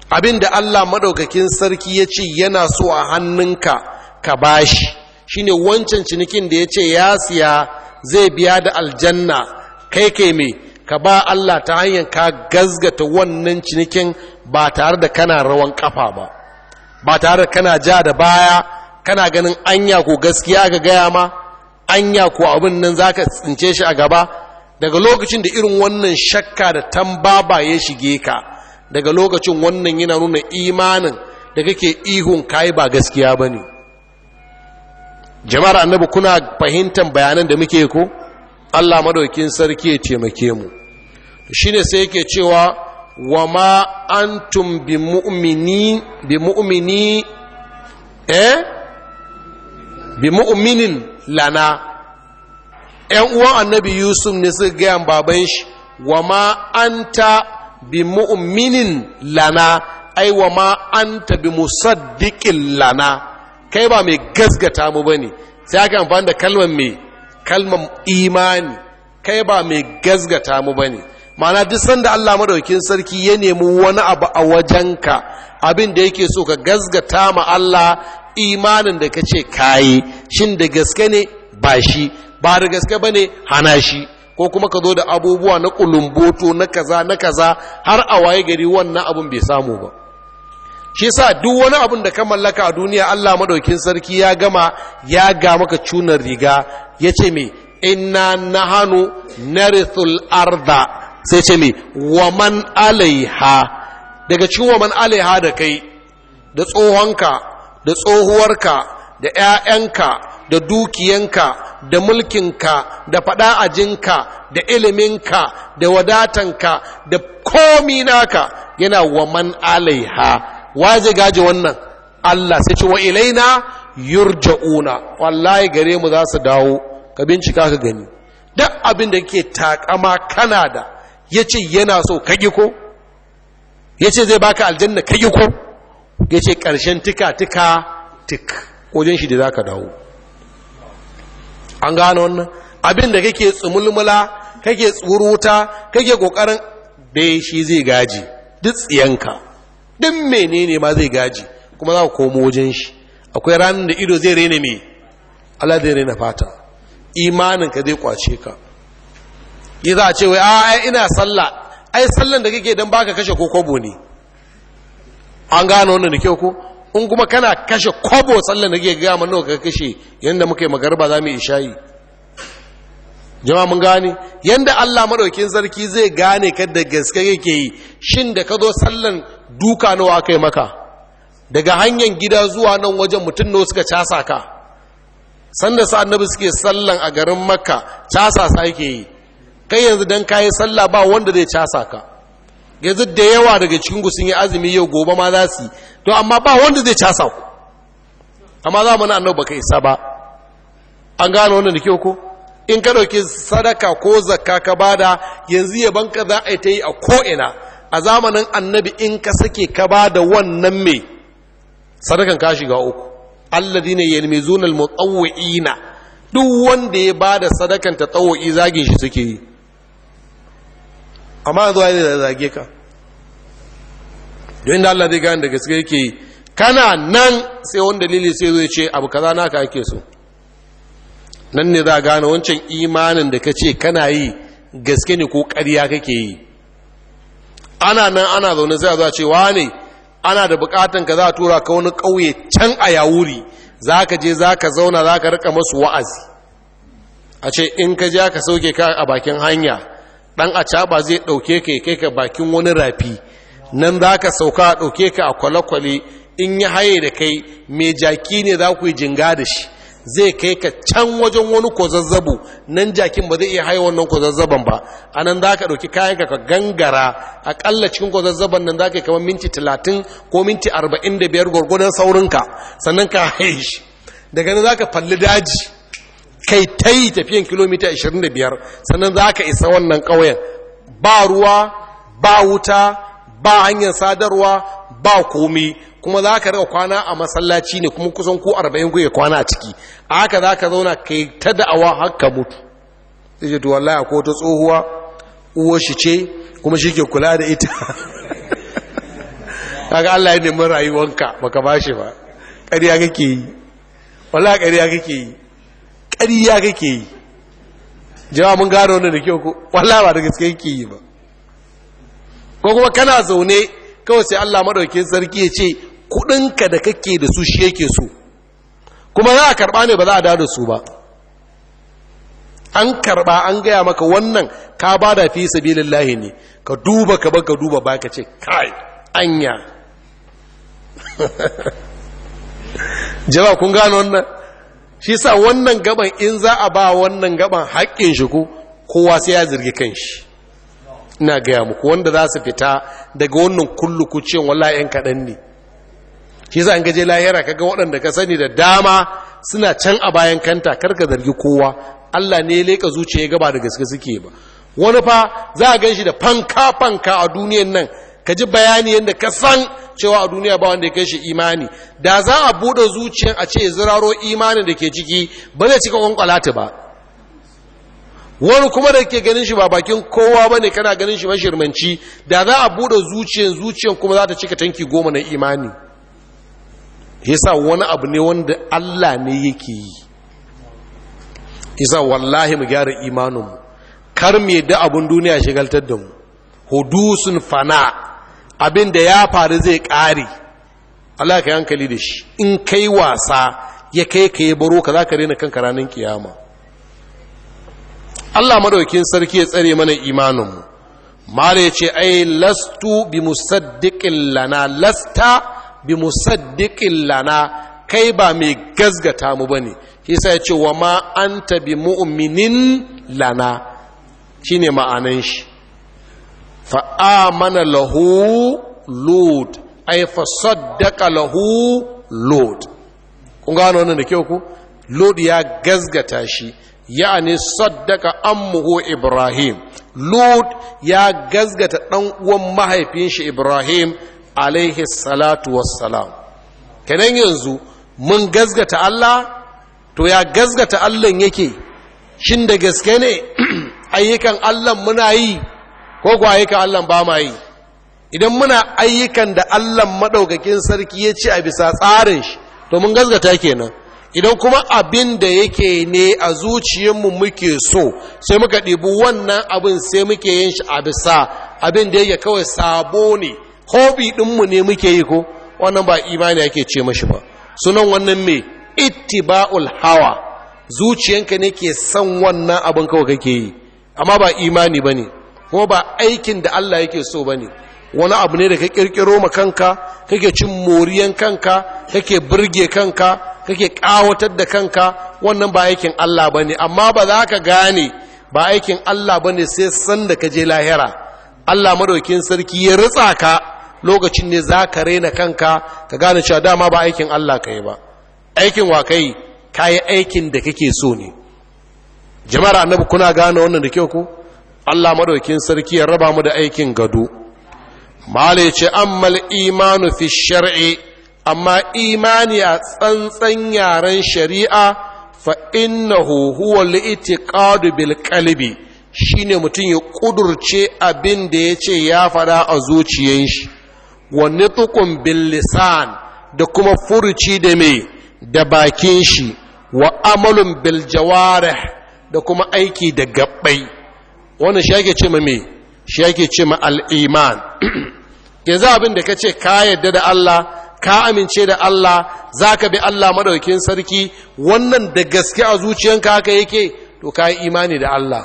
Speaker 1: abin da Allah madaukakin sarki ya ce yana so a hannunka ka bashi shine wancan cinikin da ya ce ya siya zai biya da aljanna kai kai mai ka ba Allah ta hanyar ka gazgata wannan cinikin ba tare da kana rawan kafa ba ba tare da kana ja da baya kana ganin anya ko gaskiya ka gaya ma anya ko abin nan zaka tsince shi a gaba daga lokacin da irin wannan shakka da tambaba ya shige ka daga lokacin wannan yana nuna imanin da kake ihun kayi ba gaskiya ba ne jama'ar annabi kuna fahimtar bayanan da muke ko allah madaukin sarki ya taimake mu shine sai yake cewa wa ma antum bi bi mu'mini eh bi mu'minin lana ‘yan uwan annabi yusuf ne suka gaya baban shi wa ma an ta bi mu'minin lana ai wa ma ta bi musaddikin lana kai ba mai gasgata mu ne sai aka amfani da kalmar mai kalmar imani kai ba mai gasgata mu ba ne. Mana duk sanda Allah madaukin sarki ya nemi wani abu a wajenka abin da yake so ka gasgata ma Allah imanin da ka ce kayi shin da gaske ne ba shi ba da gaske ba ne hana shi ko kuma ka zo da abubuwa na kulumboto na kaza na kaza har a waye gari wannan abun bai samu ba shi sa duk wani abun da ka mallaka a duniya Allah maɗaukin sarki ya gama ya ga maka cunar riga ya ce me inna nahanu na arda sai ce me waman alaiha daga cikin waman alaiha da kai da tsohonka da tsohuwarka da 'ya'yanka da dukiyanka da mulkinka da fada'ajinka da iliminka da wadatanka da komi naka yana wa man alaiha wa gaji wannan Allah sai ce wa ilaina yurja'una wallahi gare mu za su dawo ka bincika ka gani duk abin da kake takama kana da yace yana so kage ko yace zai baka aljanna kage ko yace karshen tika tika tik wajen shi da zaka dawo an gano wannan abin da kake tsumulmula kake tsuruta kake kokarin Da shi zai gaji duk tsiyanka duk menene ma zai gaji kuma za ku komo wajen shi akwai ranar da ido zai rena me Allah zai rena fata imanin ka zai kwace ka yi za a ce wai a ina sallah ai sallan da kake dan baka kashe ko kobo ne an gano wannan da kyau ko in kuma kana kashe kwabo sallar da ke gama nawa ka kashe yadda muka yi magarba za mu ishayi jama mun gane yadda allah maɗaukin sarki zai gane ka da gaske yake yi shin da ka zo sallan duka nawa aka yi maka daga hanyar gida zuwa nan wajen mutum nawa suka casa ka sanda sa annabi suke sallan a garin maka casa sa yake yi kai yanzu dan kayi sallah ba wanda zai casa ka yanzu da yawa daga cikin sun yi azumi yau gobe ma za su to amma ba wanda zai casa ku amma za mu na annabi baka isa ba an gano wannan da kyau ko in ka dauki sadaka ko zakka ka bada yanzu yaban ka za a yi ta yi a ko'ina, a zamanin annabi in ka sake ka bada wannan me sadakan ka shiga uku alladhina yalmizuna almutawwi'ina duk wanda ya bada sadakan tatawwi zagin shi suke yi amma zuwa ne da zage ka don da Allah zai gane da gaske yake yi kana nan sai wani dalili sai zai ce abu kaza naka ake so nan ne za a gane wancan imanin da ka ce kana yi gaske ne ko ƙarya kake yi ana nan ana zaune sai a zuwa ce wane ana da bukatan ka za a tura ka wani ƙauye can a yawuri za ka je za ka zauna za ka rika masu wa'azi a ce in ka je aka sauke ka a bakin hanya ɗan caba zai ɗauke ka kai ka bakin wani rafi nan za ka sauka a ɗauke ka a kwale-kwale in ya haye da kai mai jaki ne za ku yi jinga da shi zai kai ka can wajen wani kwazazzabu nan jakin ba zai iya haye wannan kwazazzaban ba a nan za ka ɗauki kayan ka gangara aƙalla cikin kwazazzaban nan za ka yi kamar minti talatin ko minti arba'in da biyar gwargwadon saurinka sannan ka haye shi daga nan za ka falli daji kai ta yi tafiyan kilomita 25 sannan za ka isa wannan ƙauyen ba ruwa ba wuta ba hanyar sadarwa ba komi kuma za ka kwana a masallaci ne kuma kusan ku 40 kuke kwana a ciki a haka za ka zauna kai ta da'awa haka mutu zai ce to ko tsohuwa uwar shi ce kuma shi ke kula da ita kaga Allah ya neman rayuwanka baka bashi ba ƙarya kake yi wallahi ƙarya kake yi ƙariya kake yi jawa mun gano wannan da kyau ko ba da gaske kake yi ba ko kuma kana zaune kawai sai Allah madaukakin sarki ya ce kuɗinka da kake da su shi yake so kuma za a karba ne ba za a dawo da su ba an karba an gaya maka wannan ka ba da fi sabilillahi ne ka duba ka ba ka duba ba ka ce kai anya jawa kun gano wannan shi sa wannan gaban in za a ba wannan gaban haƙƙin shi ko kowa sai ya zirgi kan shi ina gaya muku wanda za su fita daga wannan kullu ku ce wala yan kaɗan ne shi sa an gaje lahira kaga waɗanda ka sani da dama suna can a bayan kanta karka zargi kowa Allah ne ya leka zuciya gaba da gaske suke ba wani fa za a gan shi da fanka fanka a duniyan nan ka ji bayani yadda ka san cewa a duniya ba wanda ya kai shi imani da za a buɗe zuciyar a ce ziraro imanin da ke ciki ba zai cika kwankwalata ba wani kuma da ke ganin shi ba bakin kowa ba ne kana ganin shi mashirmanci da za a buɗe zuciyar zuciyar kuma za ta cika tanki goma na imani yasa wani abu ne wanda allah ne yake yi yasa wallahi mu gyara imaninmu kar mu yadda abun duniya shigaltar da mu hudusun fana abin da ya faru zai ƙare Allah ka hankali da shi in kai wasa ya kai ka yi baro ka za ka rena kanka ranar kiyama Allah madaukin sarki ya tsare mana imaninmu mara ya ce ai lastu bi musaddiqin lana lasta bi musaddiqin lana kai ba mai gazgata mu bane sai ya ce wa ma anta bi mu'minin lana shine ma'anan shi fa'amana lahu lud ai fasaddaka lahu lud kun gano wannan da kyau ku lud ya gazgata shi ya'ani saddaka ammuhu ibrahim lud ya gazgata dan uwan mahaifin shi ibrahim alaihi salatu wassalam kenan yanzu mun gazgata Allah to ya gazgata Allah yake shin da gaske ne ayyukan Allah muna yi ko ku ayyukan Allah ba ma yi idan muna ayyukan da Allah maɗaukakin sarki ya ce a bisa tsarin shi to mun gazgata kenan idan kuma abin da yake ne a zuciyarmu muke so sai muka ɗibu wannan abin sai muke yin shi a bisa abin da yake kawai sabo ne hobi ɗinmu ne muke yi ko wannan ba imani yake ce mashi ba sunan wannan me ittiba'ul hawa zuciyanka ne ke son wannan abin kawai kake yi amma ba imani ba ne ko ba aikin da Allah yake so ba wani abu ne da ka kirkiro ma kanka kake cin moriyan kanka kake burge kanka kake ƙawatar da kanka wannan ba aikin Allah ba ne amma ba za ka gane ba aikin Allah ba sai san da ka je lahira Allah madaukin sarki ya ritsa ka lokacin ne za ka raina kanka ka gane cewa dama ba aikin Allah ka yi ba aikin wa kai ka aikin da kake so ne jama'ar annabi kuna gane wannan da kyau ko Allah madaukin sarki ya raba mu da aikin gado mala yace ammal imanu fi shar'i amma imani a tsantsan yaren shari'a fa innahu huwa li'tiqadu bil qalbi shine mutum ya kudurce abin da yace ya fada a zuciyar shi wa nutqun bil lisan da kuma furuci da me da bakin shi wa amalun bil jawarih da kuma aiki da gabbai wannan shi yake ce ma me shi yake ce ma al'iman yanzu abin da ka ce ka yadda da Allah ka amince da Allah za ka bi Allah madaukin sarki wannan da gaske a zuciyanka haka yake to ka yi imani da Allah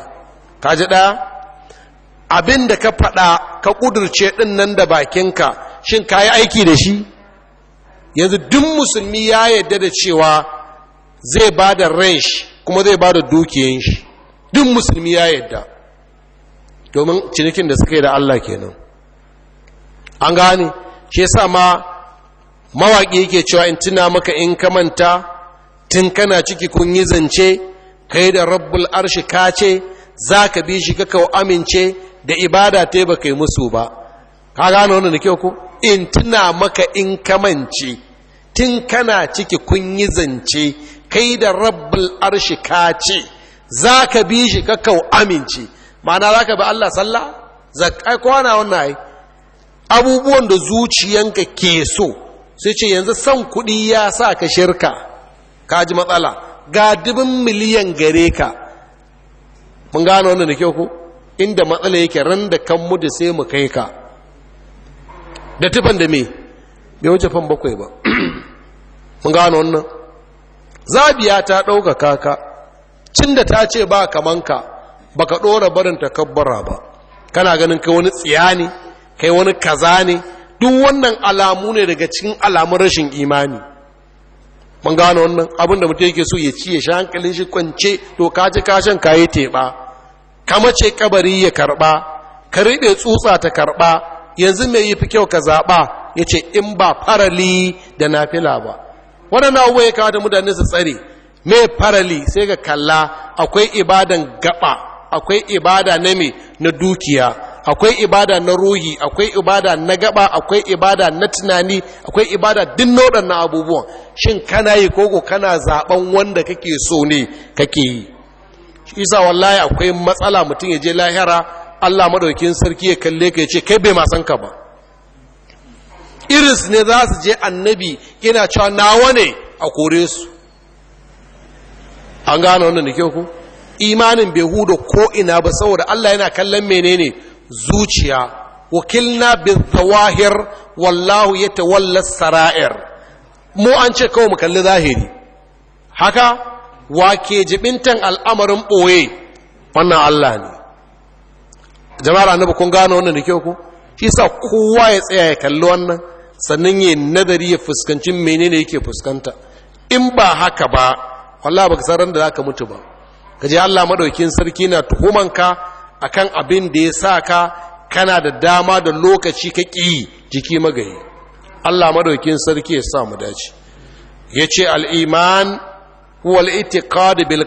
Speaker 1: ka ji ɗaya abin da ka faɗa ka ƙudurce ɗin nan da bakinka shin ka yi aiki da shi yanzu duk musulmi ya yadda da cewa zai ba da ran kuma zai ba da dukiyan shi duk musulmi ya yadda domin cinikin da suka yi da Allah kenan an gane shi yasa ma mawaƙi yake cewa in tuna maka in ka manta tun kana ciki kun yi zance kai da rabbul arshi ka ce za ka bi shi ka kawo amince da ibada ta ba yi musu ba ka gane wanda da kyau ku? in tuna maka in ka mance tun kana ciki kun yi zance kai da rabbul arshi ka ce za ka bi shi ka kawo amince ma'ana za ka bi Allah sallah zakai kwana wannan ai abubuwan da zuciyanka ke so sai ce yanzu son kuɗi ya sa ka shirka ka ji matsala ga dubin miliyan gare ka mun gano wannan da kyau ko inda matsala yake ran da kanmu da sai mu kai ka da tufan da me bai wuce fan bakwai ba mun gano wannan zabiya ta ɗaukaka ka cin da ta ce ba kamanka baka ɗora barin takabbara ba kana ganin kai wani tsiya ne kai wani kaza ne duk wannan alamu ne daga cikin alamun rashin imani mun gano wannan abin da mutum yake so ya ci ya sha hankalin shi kwance to ka ji kashin ka yi teɓa kama ce kabari ya karɓa ka riɓe tsutsa ta karɓa yanzu mai yi fi kyau ka zaɓa ya ce in ba farali da nafila ba waɗanda abubuwa ya kawo da mutane su tsare mai farali sai ka kalla akwai ibadan gaɓa. akwai ibada na me na dukiya akwai ibada na ruhi akwai ibada na gaba akwai ibada na tunani akwai ibada nodan na abubuwan shin kana yi koko kana zaben wanda kake so ne kake yi shi isa wallahi akwai matsala mutum ya je lahira Allah madaukin sarki ya kalle ka ya ce kai bai ma san ka ba iris ne za su je annabi ina cewa nawa ne a kore su an gane wannan da kyau ku imanin bai huda ko ina ba saboda Allah yana kallon menene zuciya wakilna bin zawahir wallahu ya tawalla sara'ir mu an ce kawai mu kalli zahiri haka wake jibintan al'amarin ɓoye wannan Allah ne jama'ar annabi kun gano wannan da kyau ku shi sa kowa ya tsaya ya kalli wannan sannan ya nazari ya fuskanci menene yake fuskanta in ba haka ba wallahi baka san randa da zaka mutu ba ka je Allah maɗaukin sarki na tuhumanka a kan abin da ya sa ka kana da dama da lokaci ka ƙi jiki magayi Allah maɗaukin sarki ya sa mu dace Ya ce al'iman, huwal al-i'tiqad bil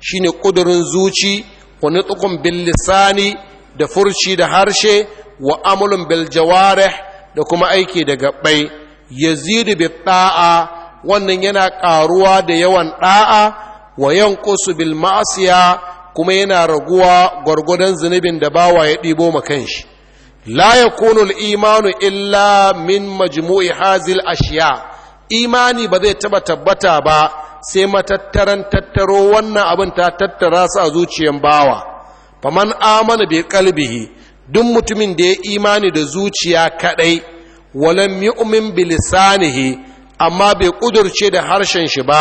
Speaker 1: shi ne ƙudurin zuci wa nutqun bil lisani da furci da harshe wa amulun bil jawarih da kuma aiki da gabbai yazidu bi ɗa'a wannan yana ƙaruwa da yawan ɗa'a. wa yanqusu bil ma'asiya kuma yana raguwa gwargwadon zunubin da bawa ya ɗibo ma kanshi la yakunu al imanu illa min majmu'i hazil ashiya imani ba zai taba tabbata ba sai matattaran tattaro wannan abin ta tattara su a zuciyan bawa faman amana bi qalbihi duk mutumin da ya imani da zuciya kadai walam yu'min bi lisanihi amma bai kudurce da harshen shi ba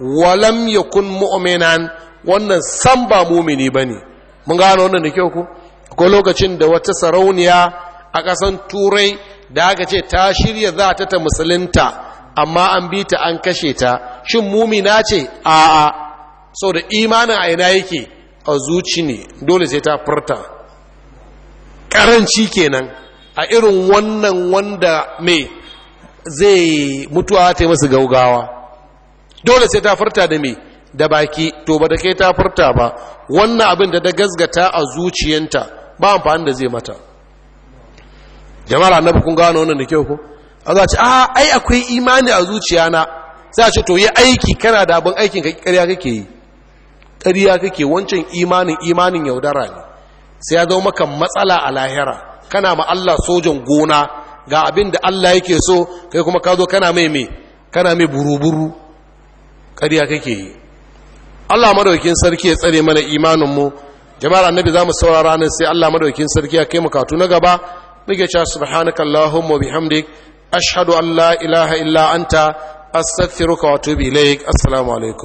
Speaker 1: walam yakun mu'minan wannan san ba mumini bane mun gano wannan da kyau ko ko lokacin da wata sarauniya a ƙasan turai da aka ce ta shirya za ta ta musulunta amma an bi ta an kashe ta shin mumina ce a'a sau da imanin a ina yake a zuci ne dole sai ta furta Karanci kenan a irin wannan wanda mai zai mutuwa ta yi masu gaugawa dole sai ta furta da me da baki to ba da kai ta furta ba wannan abin da da gazgata a zuciyanta ba amfani da zai mata jama'ar annabi kun gano wannan da kyau ko a za ce a ai akwai imani a zuciya na sai a ce to yi aiki kana da abin aikin ka ƙarya kake yi ƙarya kake wancan imanin imanin yaudara ne sai ya zo maka matsala a lahira kana ma Allah sojan gona ga abin da Allah yake so kai kuma ka zo kana mai mai kana mai buruburu ƙarya kake yi Allah madaukin sarki ya tsare mana imanin mu jama'ar annabi mu saurara nan sai Allah madaukin sarki ya kai mu katu na gaba muke cewa subhanaka allahumma wa bihamdik ashhadu an la ilaha illa anta astaghfiruka wa atubu ilaik assalamu alaikum